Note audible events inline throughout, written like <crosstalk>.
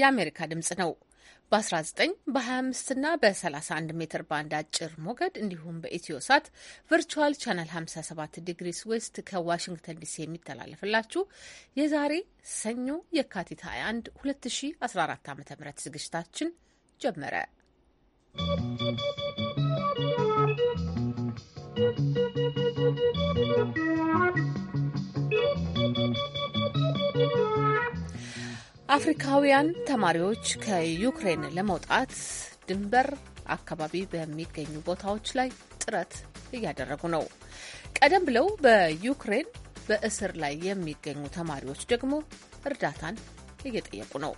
የአሜሪካ ድምጽ ነው። በ19 በ25 እና በ31 ሜትር ባንድ አጭር ሞገድ እንዲሁም በኢትዮ ሳት ቨርቹዋል ቻናል 57 ዲግሪስ ዌስት ከዋሽንግተን ዲሲ የሚተላለፍላችሁ የዛሬ ሰኞ የካቲት 21 2014 ዓ ም ዝግጅታችን ጀመረ። አፍሪካውያን ተማሪዎች ከዩክሬን ለመውጣት ድንበር አካባቢ በሚገኙ ቦታዎች ላይ ጥረት እያደረጉ ነው። ቀደም ብለው በዩክሬን በእስር ላይ የሚገኙ ተማሪዎች ደግሞ እርዳታን እየጠየቁ ነው።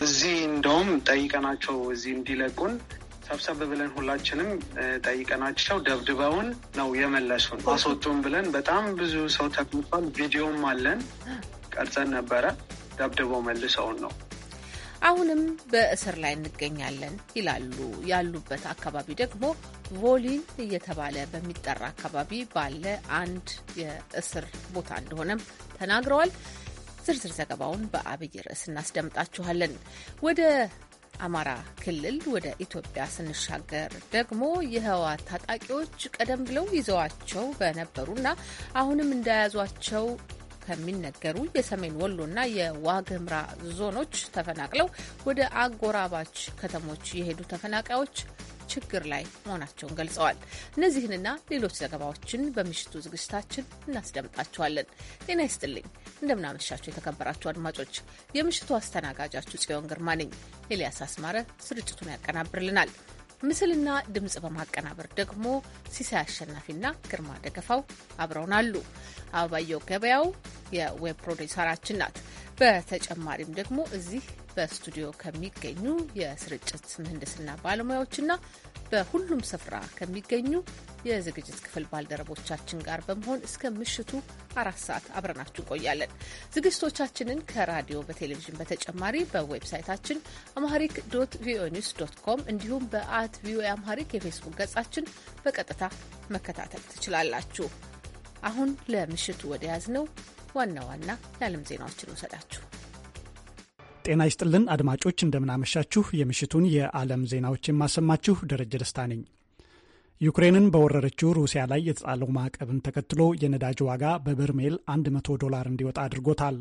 እዚህ እንደውም ጠይቀናቸው እዚህ እንዲለቁን ሰብሰብ ብለን ሁላችንም ጠይቀናቸው ደብድበውን ነው የመለሱን። አስወጡን ብለን በጣም ብዙ ሰው ተቅምቷል። ቪዲዮም አለን ቀርጸን ነበረ። ደብድበው መልሰውን ነው። አሁንም በእስር ላይ እንገኛለን ይላሉ። ያሉበት አካባቢ ደግሞ ቮሊን እየተባለ በሚጠራ አካባቢ ባለ አንድ የእስር ቦታ እንደሆነም ተናግረዋል። ዝርዝር ዘገባውን በአብይ ርዕስ እናስደምጣችኋለን። ወደ አማራ ክልል ወደ ኢትዮጵያ ስንሻገር ደግሞ የህወሓት ታጣቂዎች ቀደም ብለው ይዘዋቸው በነበሩና አሁንም እንደያዟቸው ከሚነገሩ የሰሜን ወሎና የዋግምራ ዞኖች ተፈናቅለው ወደ አጎራባች ከተሞች የሄዱ ተፈናቃዮች ችግር ላይ መሆናቸውን ገልጸዋል። እነዚህንና ሌሎች ዘገባዎችን በምሽቱ ዝግጅታችን እናስደምጣቸዋለን። ጤና ይስጥልኝ፣ እንደምናመሻቸው የተከበራችሁ አድማጮች፣ የምሽቱ አስተናጋጃችሁ ጽዮን ግርማ ነኝ። ኤልያስ አስማረ ስርጭቱን ያቀናብርልናል። ምስልና ድምፅ በማቀናበር ደግሞ ሲሳይ አሸናፊና ግርማ ደገፋው አብረውናሉ። አበባየው ገበያው የዌብ ፕሮዲሰራችን ናት። በተጨማሪም ደግሞ እዚህ በስቱዲዮ ከሚገኙ የስርጭት ምህንድስና ባለሙያዎችና በሁሉም ስፍራ ከሚገኙ የዝግጅት ክፍል ባልደረቦቻችን ጋር በመሆን እስከ ምሽቱ አራት ሰዓት አብረናችሁ እንቆያለን። ዝግጅቶቻችንን ከራዲዮ በቴሌቪዥን በተጨማሪ በዌብሳይታችን አማሪክ ዶት ቪኦኤ ኒውስ ዶት ኮም እንዲሁም በአት ቪኦኤ አማሪክ የፌስቡክ ገጻችን በቀጥታ መከታተል ትችላላችሁ። አሁን ለምሽቱ ወደ ያዝ ነው ዋና ዋና የዓለም ዜናዎችን ውሰዳችሁ። ጤና ይስጥልን አድማጮች፣ እንደምናመሻችሁ። የምሽቱን የዓለም ዜናዎች የማሰማችሁ ደረጀ ደስታ ነኝ። ዩክሬንን በወረረችው ሩሲያ ላይ የተጣለው ማዕቀብን ተከትሎ የነዳጅ ዋጋ በበርሜል 100 ዶላር እንዲወጣ አድርጎታል።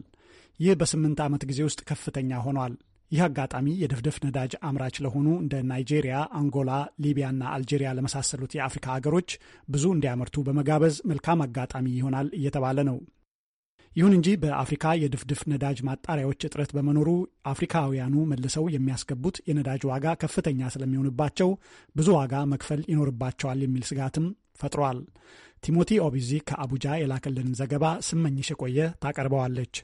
ይህ በስምንት ዓመት ጊዜ ውስጥ ከፍተኛ ሆኗል። ይህ አጋጣሚ የድፍድፍ ነዳጅ አምራች ለሆኑ እንደ ናይጄሪያ፣ አንጎላ፣ ሊቢያና አልጄሪያ ለመሳሰሉት የአፍሪካ ሀገሮች ብዙ እንዲያመርቱ በመጋበዝ መልካም አጋጣሚ ይሆናል እየተባለ ነው። ይሁን እንጂ በአፍሪካ የድፍድፍ ነዳጅ ማጣሪያዎች እጥረት በመኖሩ አፍሪካውያኑ መልሰው የሚያስገቡት የነዳጅ ዋጋ ከፍተኛ ስለሚሆንባቸው ብዙ ዋጋ መክፈል ይኖርባቸዋል የሚል ስጋትም ፈጥሯል። ቲሞቲ ኦቢዚ ከአቡጃ የላከልንን ዘገባ ስመኝሽ የቆየ ታቀርበዋለች።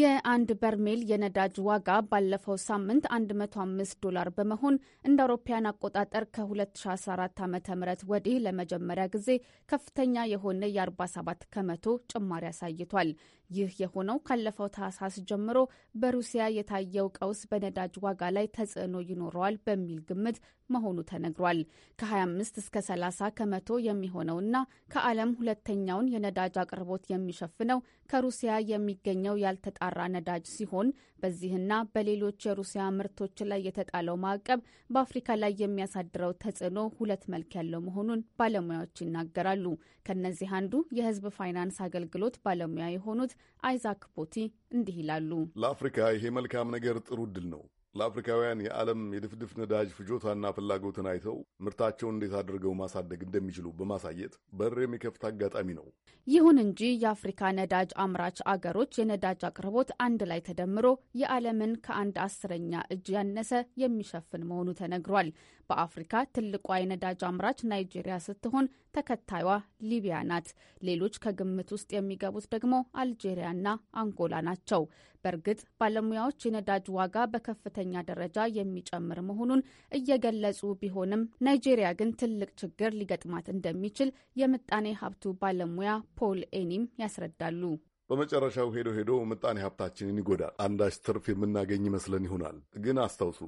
የአንድ በርሜል የነዳጅ ዋጋ ባለፈው ሳምንት 105 ዶላር በመሆን እንደ አውሮፓያን አቆጣጠር ከ2014 ዓ ም ወዲህ ለመጀመሪያ ጊዜ ከፍተኛ የሆነ የ47 ከመቶ ጭማሪ አሳይቷል። ይህ የሆነው ካለፈው ታህሳስ ጀምሮ በሩሲያ የታየው ቀውስ በነዳጅ ዋጋ ላይ ተጽዕኖ ይኖረዋል በሚል ግምት መሆኑ ተነግሯል። ከ25 እስከ 30 ከመቶ የሚሆነውና ከዓለም ሁለተኛውን የነዳጅ አቅርቦት የሚሸፍነው ከሩሲያ የሚገኘው ያልተጣራ ነዳጅ ሲሆን በዚህና በሌሎች የሩሲያ ምርቶች ላይ የተጣለው ማዕቀብ በአፍሪካ ላይ የሚያሳድረው ተጽዕኖ ሁለት መልክ ያለው መሆኑን ባለሙያዎች ይናገራሉ። ከነዚህ አንዱ የህዝብ ፋይናንስ አገልግሎት ባለሙያ የሆኑት አይዛክ ቦቲ እንዲህ ይላሉ። ለአፍሪካ ይሄ መልካም ነገር ጥሩ እድል ነው። ለአፍሪካውያን የዓለም የድፍድፍ ነዳጅ ፍጆታና ፍላጎትን አይተው ምርታቸውን እንዴት አድርገው ማሳደግ እንደሚችሉ በማሳየት በር የሚከፍት አጋጣሚ ነው። ይሁን እንጂ የአፍሪካ ነዳጅ አምራች አገሮች የነዳጅ አቅርቦት አንድ ላይ ተደምሮ የዓለምን ከአንድ አስረኛ እጅ ያነሰ የሚሸፍን መሆኑ ተነግሯል። በአፍሪካ ትልቋ የነዳጅ አምራች ናይጄሪያ ስትሆን ተከታዩዋ ሊቢያ ናት። ሌሎች ከግምት ውስጥ የሚገቡት ደግሞ አልጄሪያና አንጎላ ናቸው። በእርግጥ ባለሙያዎች የነዳጅ ዋጋ በከፍተኛ ደረጃ የሚጨምር መሆኑን እየገለጹ ቢሆንም ናይጄሪያ ግን ትልቅ ችግር ሊገጥማት እንደሚችል የምጣኔ ሀብቱ ባለሙያ ፖል ኤኒም ያስረዳሉ። በመጨረሻው ሄዶ ሄዶ ምጣኔ ሀብታችንን ይጎዳል። አንዳች ትርፍ የምናገኝ ይመስለን ይሆናል። ግን አስታውሱ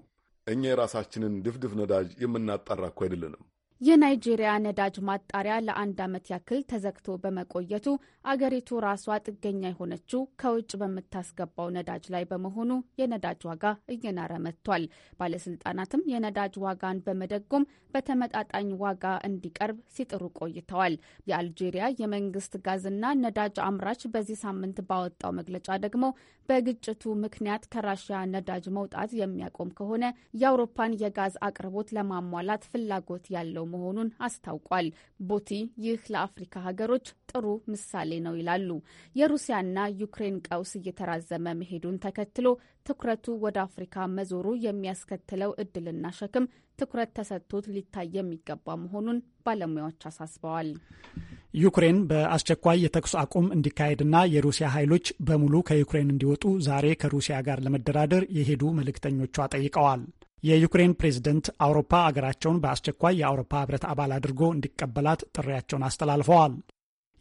እኛ የራሳችንን ድፍድፍ ነዳጅ የምናጣራ እኮ አይደለንም። የናይጄሪያ ነዳጅ ማጣሪያ ለአንድ ዓመት ያክል ተዘግቶ በመቆየቱ አገሪቱ ራሷ ጥገኛ የሆነችው ከውጭ በምታስገባው ነዳጅ ላይ በመሆኑ የነዳጅ ዋጋ እየናረ መጥቷል። ባለስልጣናትም የነዳጅ ዋጋን በመደጎም በተመጣጣኝ ዋጋ እንዲቀርብ ሲጥሩ ቆይተዋል። የአልጄሪያ የመንግስት ጋዝና ነዳጅ አምራች በዚህ ሳምንት ባወጣው መግለጫ ደግሞ በግጭቱ ምክንያት ከራሽያ ነዳጅ መውጣት የሚያቆም ከሆነ የአውሮፓን የጋዝ አቅርቦት ለማሟላት ፍላጎት ያለው ያለው መሆኑን አስታውቋል። ቦቲ ይህ ለአፍሪካ ሀገሮች ጥሩ ምሳሌ ነው ይላሉ። የሩሲያና ዩክሬን ቀውስ እየተራዘመ መሄዱን ተከትሎ ትኩረቱ ወደ አፍሪካ መዞሩ የሚያስከትለው እድልና ሸክም ትኩረት ተሰጥቶት ሊታይ የሚገባ መሆኑን ባለሙያዎች አሳስበዋል። ዩክሬን በአስቸኳይ የተኩስ አቁም እንዲካሄድና የሩሲያ ኃይሎች በሙሉ ከዩክሬን እንዲወጡ ዛሬ ከሩሲያ ጋር ለመደራደር የሄዱ መልእክተኞቿ ጠይቀዋል። የዩክሬን ፕሬዝደንት አውሮፓ አገራቸውን በአስቸኳይ የአውሮፓ ህብረት አባል አድርጎ እንዲቀበላት ጥሪያቸውን አስተላልፈዋል።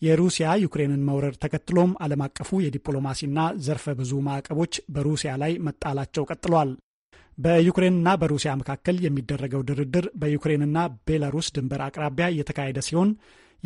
የሩሲያ ዩክሬንን መውረር ተከትሎም ዓለም አቀፉ የዲፕሎማሲና ዘርፈ ብዙ ማዕቀቦች በሩሲያ ላይ መጣላቸው ቀጥሏል። በዩክሬንና በሩሲያ መካከል የሚደረገው ድርድር በዩክሬንና ቤላሩስ ድንበር አቅራቢያ እየተካሄደ ሲሆን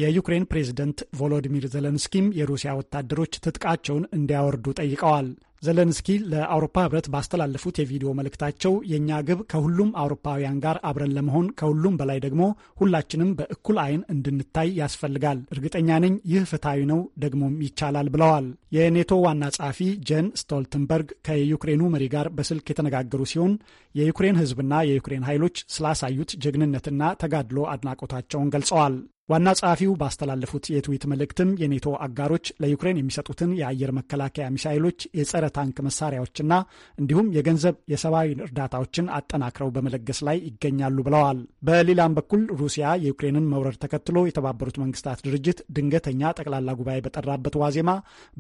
የዩክሬን ፕሬዝደንት ቮሎዲሚር ዘለንስኪም የሩሲያ ወታደሮች ትጥቃቸውን እንዲያወርዱ ጠይቀዋል። ዘለንስኪ ለአውሮፓ ህብረት ባስተላለፉት የቪዲዮ መልእክታቸው የእኛ ግብ ከሁሉም አውሮፓውያን ጋር አብረን ለመሆን ከሁሉም በላይ ደግሞ ሁላችንም በእኩል አይን እንድንታይ ያስፈልጋል። እርግጠኛ ነኝ ይህ ፍትሐዊ ነው፣ ደግሞም ይቻላል ብለዋል። የኔቶ ዋና ጸሐፊ ጄን ስቶልተንበርግ ከዩክሬኑ መሪ ጋር በስልክ የተነጋገሩ ሲሆን የዩክሬን ህዝብና የዩክሬን ኃይሎች ስላሳዩት ጀግንነትና ተጋድሎ አድናቆታቸውን ገልጸዋል። ዋና ጸሐፊው ባስተላለፉት የትዊት መልእክትም የኔቶ አጋሮች ለዩክሬን የሚሰጡትን የአየር መከላከያ ሚሳይሎች፣ የጸረ ታንክ መሳሪያዎችና እንዲሁም የገንዘብ የሰብአዊ እርዳታዎችን አጠናክረው በመለገስ ላይ ይገኛሉ ብለዋል። በሌላም በኩል ሩሲያ የዩክሬንን መውረር ተከትሎ የተባበሩት መንግስታት ድርጅት ድንገተኛ ጠቅላላ ጉባኤ በጠራበት ዋዜማ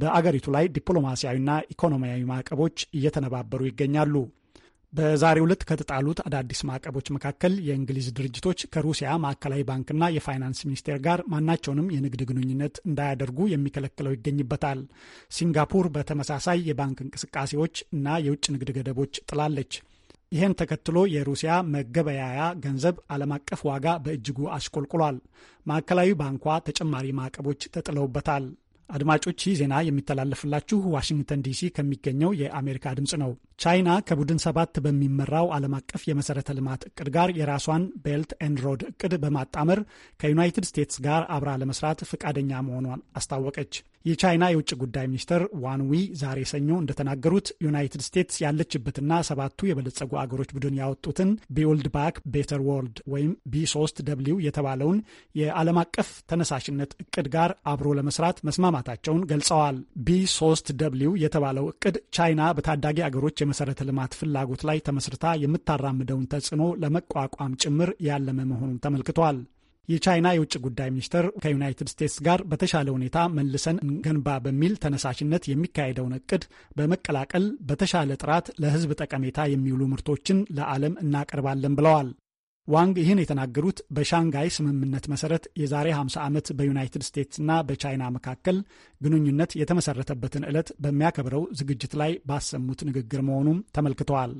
በአገሪቱ ላይ ዲፕሎማሲያዊና ኢኮኖሚያዊ ማዕቀቦች እየተነባበሩ ይገኛሉ። በዛሬው ዕለት ከተጣሉት አዳዲስ ማዕቀቦች መካከል የእንግሊዝ ድርጅቶች ከሩሲያ ማዕከላዊ ባንክና የፋይናንስ ሚኒስቴር ጋር ማናቸውንም የንግድ ግንኙነት እንዳያደርጉ የሚከለክለው ይገኝበታል። ሲንጋፑር በተመሳሳይ የባንክ እንቅስቃሴዎች እና የውጭ ንግድ ገደቦች ጥላለች። ይህን ተከትሎ የሩሲያ መገበያያ ገንዘብ ዓለም አቀፍ ዋጋ በእጅጉ አሽቆልቁሏል። ማዕከላዊ ባንኳ ተጨማሪ ማዕቀቦች ተጥለውበታል። አድማጮች ይህ ዜና የሚተላለፍላችሁ ዋሽንግተን ዲሲ ከሚገኘው የአሜሪካ ድምፅ ነው። ቻይና ከቡድን ሰባት በሚመራው ዓለም አቀፍ የመሠረተ ልማት እቅድ ጋር የራሷን ቤልት ኤንድ ሮድ እቅድ በማጣመር ከዩናይትድ ስቴትስ ጋር አብራ ለመስራት ፈቃደኛ መሆኗን አስታወቀች። የቻይና የውጭ ጉዳይ ሚኒስትር ዋንዊ ዛሬ ሰኞ እንደተናገሩት ዩናይትድ ስቴትስ ያለችበትና ሰባቱ የበለጸጉ አገሮች ቡድን ያወጡትን ቢውልድ ባክ ቤተር ወርልድ ወይም ቢ3 ደብሊው የተባለውን የዓለም አቀፍ ተነሳሽነት እቅድ ጋር አብሮ ለመስራት መስማማት መስማማታቸውን ገልጸዋል። ቢ 3 ደብልዩ የተባለው እቅድ ቻይና በታዳጊ አገሮች የመሰረተ ልማት ፍላጎት ላይ ተመስርታ የምታራምደውን ተጽዕኖ ለመቋቋም ጭምር ያለመ መሆኑን ተመልክቷል። የቻይና የውጭ ጉዳይ ሚኒስትር ከዩናይትድ ስቴትስ ጋር በተሻለ ሁኔታ መልሰን እንገንባ በሚል ተነሳሽነት የሚካሄደውን እቅድ በመቀላቀል በተሻለ ጥራት ለሕዝብ ጠቀሜታ የሚውሉ ምርቶችን ለዓለም እናቀርባለን ብለዋል። ዋንግ ይህን የተናገሩት በሻንጋይ ስምምነት መሰረት የዛሬ 50 ዓመት በዩናይትድ ስቴትስና በቻይና መካከል ግንኙነት የተመሰረተበትን ዕለት በሚያከብረው ዝግጅት ላይ ባሰሙት ንግግር መሆኑም ተመልክተዋል።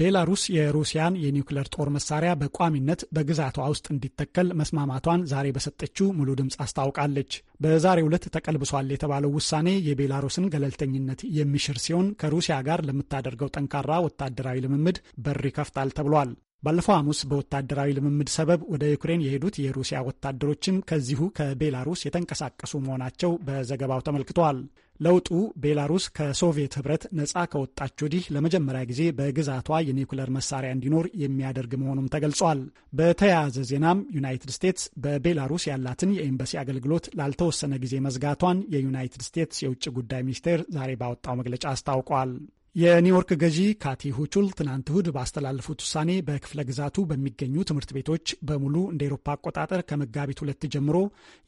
ቤላሩስ የሩሲያን የኒውክለር ጦር መሳሪያ በቋሚነት በግዛቷ ውስጥ እንዲተከል መስማማቷን ዛሬ በሰጠችው ሙሉ ድምፅ አስታውቃለች። በዛሬ ዕለት ተቀልብሷል የተባለው ውሳኔ የቤላሩስን ገለልተኝነት የሚሽር ሲሆን ከሩሲያ ጋር ለምታደርገው ጠንካራ ወታደራዊ ልምምድ በር ይከፍታል ተብሏል። ባለፈው ሐሙስ በወታደራዊ ልምምድ ሰበብ ወደ ዩክሬን የሄዱት የሩሲያ ወታደሮችም ከዚሁ ከቤላሩስ የተንቀሳቀሱ መሆናቸው በዘገባው ተመልክተዋል። ለውጡ ቤላሩስ ከሶቪየት ህብረት ነጻ ከወጣች ወዲህ ለመጀመሪያ ጊዜ በግዛቷ የኒውክለር መሳሪያ እንዲኖር የሚያደርግ መሆኑም ተገልጿል። በተያያዘ ዜናም ዩናይትድ ስቴትስ በቤላሩስ ያላትን የኤምባሲ አገልግሎት ላልተወሰነ ጊዜ መዝጋቷን የዩናይትድ ስቴትስ የውጭ ጉዳይ ሚኒስቴር ዛሬ ባወጣው መግለጫ አስታውቋል። የኒውዮርክ ገዢ ካቲ ሁቹል ትናንት እሁድ ባስተላለፉት ውሳኔ በክፍለ ግዛቱ በሚገኙ ትምህርት ቤቶች በሙሉ እንደ ኤሮፓ አቆጣጠር ከመጋቢት ሁለት ጀምሮ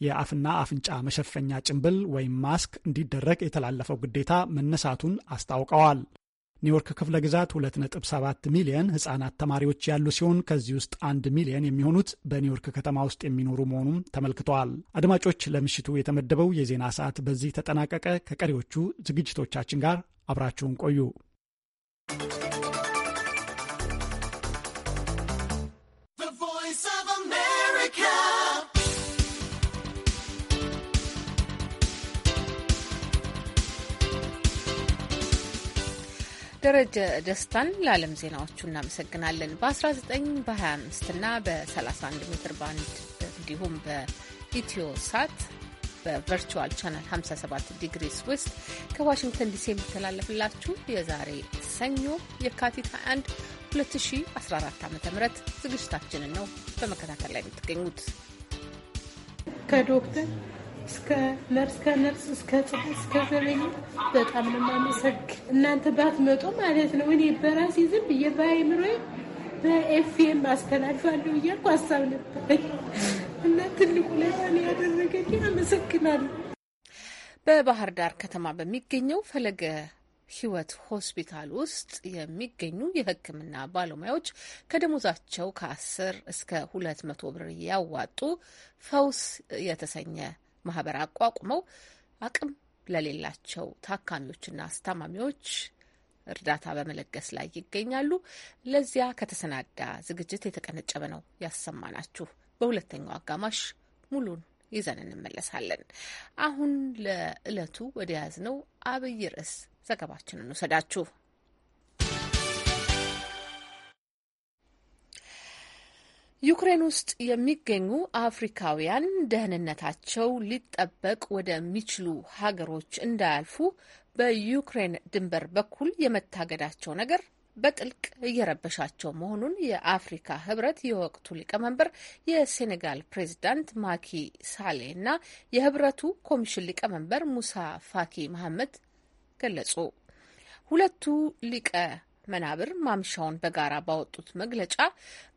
የአፍና አፍንጫ መሸፈኛ ጭንብል ወይም ማስክ እንዲደረግ የተላለፈው ግዴታ መነሳቱን አስታውቀዋል። ኒውዮርክ ክፍለ ግዛት 2.7 ሚሊየን ህጻናት ተማሪዎች ያሉ ሲሆን ከዚህ ውስጥ አንድ ሚሊየን የሚሆኑት በኒውዮርክ ከተማ ውስጥ የሚኖሩ መሆኑም ተመልክተዋል። አድማጮች፣ ለምሽቱ የተመደበው የዜና ሰዓት በዚህ ተጠናቀቀ። ከቀሪዎቹ ዝግጅቶቻችን ጋር አብራችሁን ቆዩ። ደረጀ ደስታን ለዓለም ዜናዎቹ እናመሰግናለን። በ19 በ25 እና በ31 ሜትር ባንድ እንዲሁም በኢትዮ ሳት በቨርቹዋል ቻናል 57 ዲግሪስ ውስጥ ከዋሽንግተን ዲሲ የሚተላለፍላችሁ የዛሬ ሰኞ የካቲት 21 2014 ዓ ም ዝግጅታችንን ነው በመከታተል ላይ የምትገኙት። ከዶክተር እስከ ነርስ ከነርስ እስከ ጽዳት እስከ ዘበኝ በጣም ነው የማመሰግን። እናንተ ባትመጡ ማለት ነው እኔ በራሴ ዝም ብዬ በአይምሮዬ በኤፍኤም አስተላልፋለሁ እያልኩ ሀሳብ ነበር እና ትልቁ ያደረገልኝ አመሰግናለሁ። በባህር ዳር ከተማ በሚገኘው ፈለገ ህይወት ሆስፒታል ውስጥ የሚገኙ የሕክምና ባለሙያዎች ከደሞዛቸው ከአስር እስከ ሁለት መቶ ብር ያዋጡ ፈውስ የተሰኘ ማህበር አቋቁመው አቅም ለሌላቸው ታካሚዎችና አስታማሚዎች እርዳታ በመለገስ ላይ ይገኛሉ። ለዚያ ከተሰናዳ ዝግጅት የተቀነጨበ ነው ያሰማናችሁ። በሁለተኛው አጋማሽ ሙሉን ይዘን እንመለሳለን። አሁን ለዕለቱ ወደ ያዝነው አብይ ርዕስ ዘገባችንን እንውሰዳችሁ። ዩክሬን ውስጥ የሚገኙ አፍሪካውያን ደህንነታቸው ሊጠበቅ ወደሚችሉ ሀገሮች እንዳያልፉ በዩክሬን ድንበር በኩል የመታገዳቸው ነገር በጥልቅ እየረበሻቸው መሆኑን የአፍሪካ ህብረት የወቅቱ ሊቀመንበር የሴኔጋል ፕሬዚዳንት ማኪ ሳሌ እና የህብረቱ ኮሚሽን ሊቀመንበር ሙሳ ፋኪ መሐመድ ገለጹ። ሁለቱ ሊቀ መናብር ማምሻውን በጋራ ባወጡት መግለጫ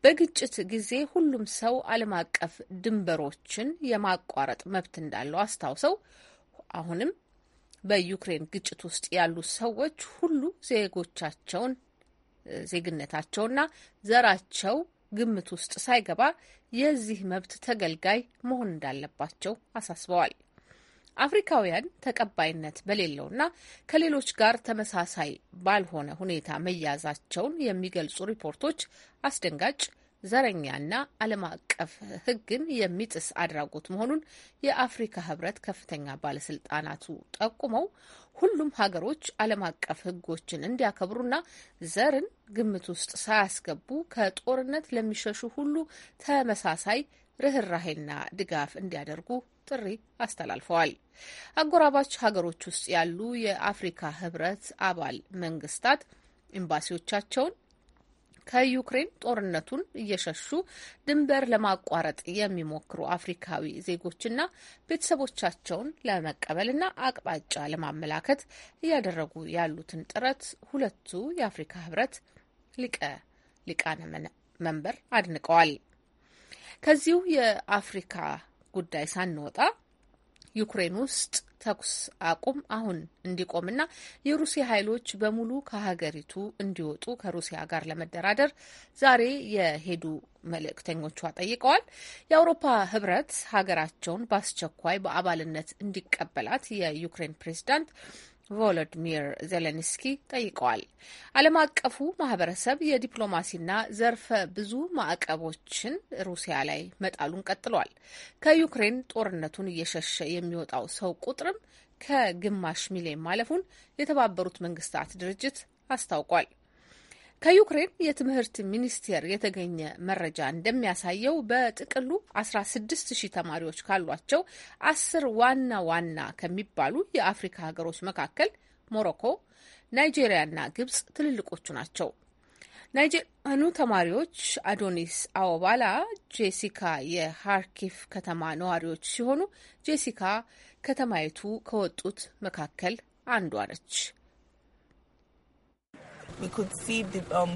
በግጭት ጊዜ ሁሉም ሰው ዓለም አቀፍ ድንበሮችን የማቋረጥ መብት እንዳለው አስታውሰው አሁንም በዩክሬን ግጭት ውስጥ ያሉ ሰዎች ሁሉ ዜጎቻቸውን ዜግነታቸውና ዘራቸው ግምት ውስጥ ሳይገባ የዚህ መብት ተገልጋይ መሆን እንዳለባቸው አሳስበዋል። አፍሪካውያን ተቀባይነት በሌለውና ከሌሎች ጋር ተመሳሳይ ባልሆነ ሁኔታ መያዛቸውን የሚገልጹ ሪፖርቶች አስደንጋጭ፣ ዘረኛና ዓለም አቀፍ ሕግን የሚጥስ አድራጎት መሆኑን የአፍሪካ ሕብረት ከፍተኛ ባለስልጣናቱ ጠቁመው ሁሉም ሀገሮች ዓለም አቀፍ ሕጎችን እንዲያከብሩና ዘርን ግምት ውስጥ ሳያስገቡ ከጦርነት ለሚሸሹ ሁሉ ተመሳሳይ ርኅራሄና ድጋፍ እንዲያደርጉ ጥሪ አስተላልፈዋል። አጎራባች ሀገሮች ውስጥ ያሉ የአፍሪካ ህብረት አባል መንግስታት ኤምባሲዎቻቸውን ከዩክሬን ጦርነቱን እየሸሹ ድንበር ለማቋረጥ የሚሞክሩ አፍሪካዊ ዜጎችና ቤተሰቦቻቸውን ለመቀበልና አቅጣጫ ለማመላከት እያደረጉ ያሉትን ጥረት ሁለቱ የአፍሪካ ህብረት ሊቀ ሊቃነ መንበር አድንቀዋል። ከዚሁ የአፍሪካ ጉዳይ ሳንወጣ ዩክሬን ውስጥ ተኩስ አቁም አሁን እንዲቆምና የሩሲያ ኃይሎች በሙሉ ከሀገሪቱ እንዲወጡ ከሩሲያ ጋር ለመደራደር ዛሬ የሄዱ መልእክተኞቿ ጠይቀዋል። የአውሮፓ ህብረት ሀገራቸውን በአስቸኳይ በአባልነት እንዲቀበላት የዩክሬን ፕሬዚዳንት ቮሎዲሚር ዜሌንስኪ ጠይቀዋል። ዓለም አቀፉ ማህበረሰብ የዲፕሎማሲና ዘርፈ ብዙ ማዕቀቦችን ሩሲያ ላይ መጣሉን ቀጥሏል። ከዩክሬን ጦርነቱን እየሸሸ የሚወጣው ሰው ቁጥርም ከግማሽ ሚሊዮን ማለፉን የተባበሩት መንግስታት ድርጅት አስታውቋል። ከዩክሬን የትምህርት ሚኒስቴር የተገኘ መረጃ እንደሚያሳየው በጥቅሉ 160 ተማሪዎች ካሏቸው አስር ዋና ዋና ከሚባሉ የአፍሪካ ሀገሮች መካከል ሞሮኮ፣ ናይጄሪያና ግብጽ ትልልቆቹ ናቸው። ናይጄሪያኑ ተማሪዎች አዶኒስ አወባላ ጄሲካ የሃርኪፍ ከተማ ነዋሪዎች ሲሆኑ ጄሲካ ከተማይቱ ከወጡት መካከል አንዷ ነች። Um,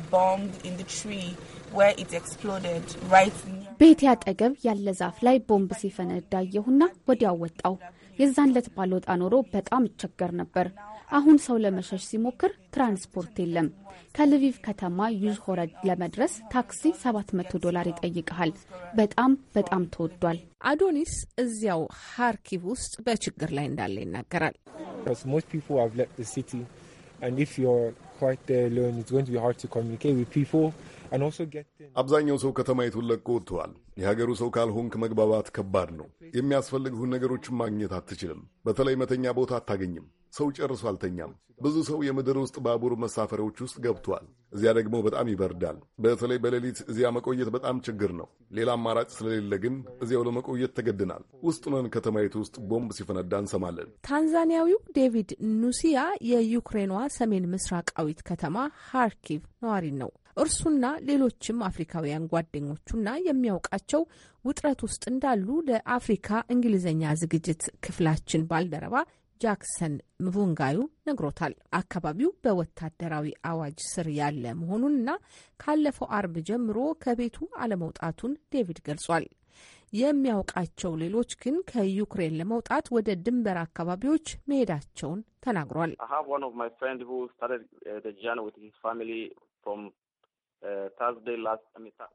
ቤቴ አጠገብ ያለ ዛፍ ላይ ቦምብ ሲፈነዳ አየሁና ወዲያው ወጣው። የዛን ለት ባልወጣ ኖሮ በጣም እቸገር ነበር። አሁን ሰው ለመሸሽ ሲሞክር ትራንስፖርት የለም። ከልቪቭ ከተማ ዩዝ ሆረድ ለመድረስ ታክሲ 700 ዶላር ይጠይቀሃል። በጣም በጣም ተወዷል። አዶኒስ እዚያው ሃርኪቭ ውስጥ በችግር ላይ እንዳለ ይናገራል። Uh, አብዛኛው ሰው ከተማይቱን ለቆ ወጥተዋል። የሀገሩ ሰው ካልሆንክ መግባባት ከባድ ነው። የሚያስፈልግሁን ነገሮችን ማግኘት አትችልም። በተለይ መተኛ ቦታ አታገኝም። ሰው ጨርሶ አልተኛም። ብዙ ሰው የምድር ውስጥ ባቡር መሳፈሪያዎች ውስጥ ገብቷል። እዚያ ደግሞ በጣም ይበርዳል። በተለይ በሌሊት እዚያ መቆየት በጣም ችግር ነው። ሌላ አማራጭ ስለሌለ ግን እዚያው ለመቆየት ተገድናል። ውስጥ ነን። ከተማይቱ ውስጥ ቦምብ ሲፈነዳ እንሰማለን። ታንዛኒያዊው ዴቪድ ኑሲያ የዩክሬኗ ሰሜን ምስራቃዊት ከተማ ሃርኪቭ ነዋሪ ነው። እርሱና ሌሎችም አፍሪካውያን ጓደኞቹና የሚያውቃቸው ውጥረት ውስጥ እንዳሉ ለአፍሪካ እንግሊዝኛ ዝግጅት ክፍላችን ባልደረባ ጃክሰን ምቡንጋዩ ነግሮታል። አካባቢው በወታደራዊ አዋጅ ስር ያለ መሆኑንና ካለፈው አርብ ጀምሮ ከቤቱ አለመውጣቱን ዴቪድ ገልጿል። የሚያውቃቸው ሌሎች ግን ከዩክሬን ለመውጣት ወደ ድንበር አካባቢዎች መሄዳቸውን ተናግሯል።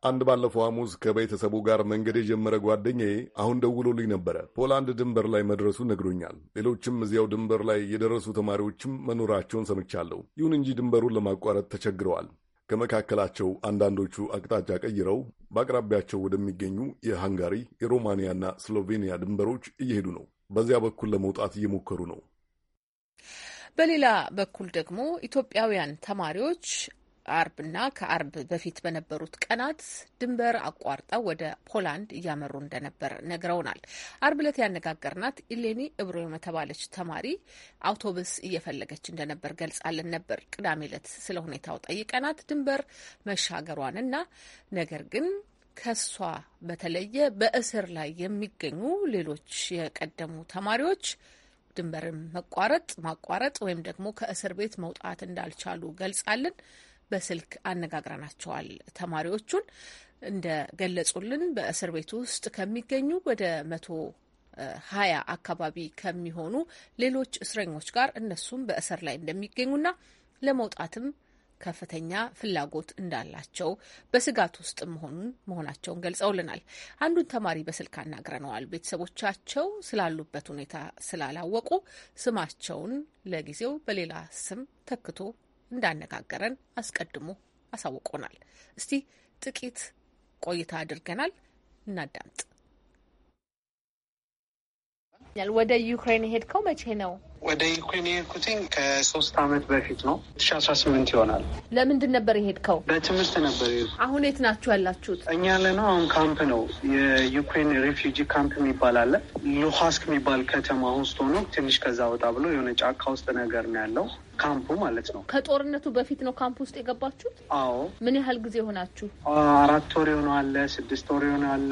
አንድ ባለፈው ሐሙስ ከቤተሰቡ ጋር መንገድ የጀመረ ጓደኛዬ አሁን ደውሎልኝ ነበረ። ፖላንድ ድንበር ላይ መድረሱ ነግሮኛል። ሌሎችም እዚያው ድንበር ላይ የደረሱ ተማሪዎችም መኖራቸውን ሰምቻለሁ። ይሁን እንጂ ድንበሩን ለማቋረጥ ተቸግረዋል። ከመካከላቸው አንዳንዶቹ አቅጣጫ ቀይረው በአቅራቢያቸው ወደሚገኙ የሃንጋሪ የሮማንያና ስሎቬኒያ ድንበሮች እየሄዱ ነው። በዚያ በኩል ለመውጣት እየሞከሩ ነው። በሌላ በኩል ደግሞ ኢትዮጵያውያን ተማሪዎች አርብና ከአርብ በፊት በነበሩት ቀናት ድንበር አቋርጠው ወደ ፖላንድ እያመሩ እንደነበር ነግረውናል። አርብ ዕለት ያነጋገርናት ኢሌኒ እብሮ የተባለች ተማሪ አውቶብስ እየፈለገች እንደነበር ገልጻልን ነበር። ቅዳሜ ዕለት ስለ ሁኔታው ጠይቀናት ድንበር መሻገሯንና ነገር ግን ከሷ በተለየ በእስር ላይ የሚገኙ ሌሎች የቀደሙ ተማሪዎች ድንበርን መቋረጥ ማቋረጥ ወይም ደግሞ ከእስር ቤት መውጣት እንዳልቻሉ ገልጻልን። በስልክ አነጋግረናቸዋል። ተማሪዎቹን እንደገለጹልን በእስር ቤት ውስጥ ከሚገኙ ወደ መቶ ሀያ አካባቢ ከሚሆኑ ሌሎች እስረኞች ጋር እነሱም በእስር ላይ እንደሚገኙና ለመውጣትም ከፍተኛ ፍላጎት እንዳላቸው በስጋት ውስጥ መሆኑን መሆናቸውን ገልጸውልናል። አንዱን ተማሪ በስልክ አናግረነዋል። ቤተሰቦቻቸው ስላሉበት ሁኔታ ስላላወቁ ስማቸውን ለጊዜው በሌላ ስም ተክቶ እንዳነጋገረን አስቀድሞ አሳውቆናል። እስቲ ጥቂት ቆይታ አድርገናል፣ እናዳምጥ። ወደ ዩክሬን የሄድከው መቼ ነው? ወደ ዩክሬን የሄድኩትኝ ከሶስት አመት በፊት ነው። ሺ አስራ ስምንት ይሆናል። ለምንድን ነበር የሄድከው? በትምህርት ነበር። አሁን የት ናችሁ ያላችሁት? እኛ ያለ ነው አሁን ካምፕ ነው። የዩክሬን ሬፊውጂ ካምፕ የሚባል አለ። ሉሃስክ የሚባል ከተማ ውስጥ ሆኖ ትንሽ ከዛ ወጣ ብሎ የሆነ ጫካ ውስጥ ነገር ነው ያለው ካምፑ ማለት ነው። ከጦርነቱ በፊት ነው ካምፕ ውስጥ የገባችሁት? አዎ። ምን ያህል ጊዜ ሆናችሁ? አራት ወር የሆነ አለ፣ ስድስት ወር የሆነ አለ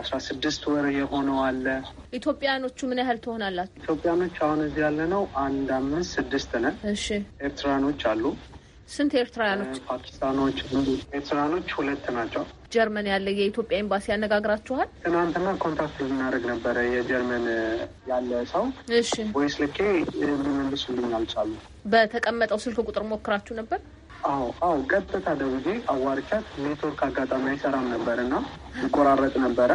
አስራ ስድስት ወር የሆነው አለ። ኢትዮጵያኖቹ ምን ያህል ትሆናላችሁ? ኢትዮጵያኖች አሁን እዚህ ያለ ነው አንድ አምስት ስድስት ነን። እሺ ኤርትራኖች አሉ። ስንት ኤርትራውያኖች? ፓኪስታኖች፣ ኤርትራኖች ሁለት ናቸው። ጀርመን ያለ የኢትዮጵያ ኤምባሲ ያነጋግራችኋል? ትናንትና ኮንታክት ልናደርግ ነበረ የጀርመን ያለ ሰው። እሺ ልኬ ሊመልሱልኝ አልቻሉ። በተቀመጠው ስልክ ቁጥር ሞክራችሁ ነበር? አዎ አዎ፣ ቀጥታ ደውዬ አዋርቻት። ኔትወርክ አጋጣሚ አይሰራም ነበር እና ይቆራረጥ ነበረ።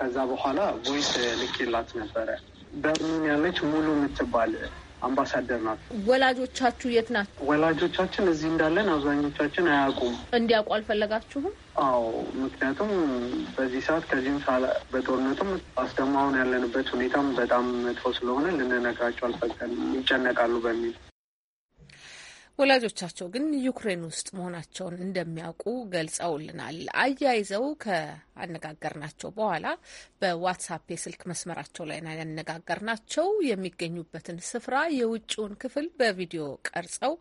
ከዛ በኋላ ቮይስ ልኬላት ነበረ። በርሊን ያለች ሙሉ የምትባል አምባሳደር ናት። ወላጆቻችሁ የት ናቸው? ወላጆቻችን እዚህ እንዳለን አብዛኞቻችን አያውቁም። እንዲያውቁ አልፈለጋችሁም? አዎ፣ ምክንያቱም በዚህ ሰዓት ከዚህም በጦርነቱም አስደማሁን ያለንበት ሁኔታም በጣም መጥፎ ስለሆነ ልንነግራቸው አልፈቀን ይጨነቃሉ በሚል ወላጆቻቸው ግን ዩክሬን ውስጥ መሆናቸውን እንደሚያውቁ ገልጸውልናል። አያይዘው ከአነጋገርናቸው በኋላ በዋትሳፕ የስልክ መስመራቸው ላይ ያነጋገርናቸው የሚገኙበትን ስፍራ የውጭውን ክፍል በቪዲዮ ቀርጸው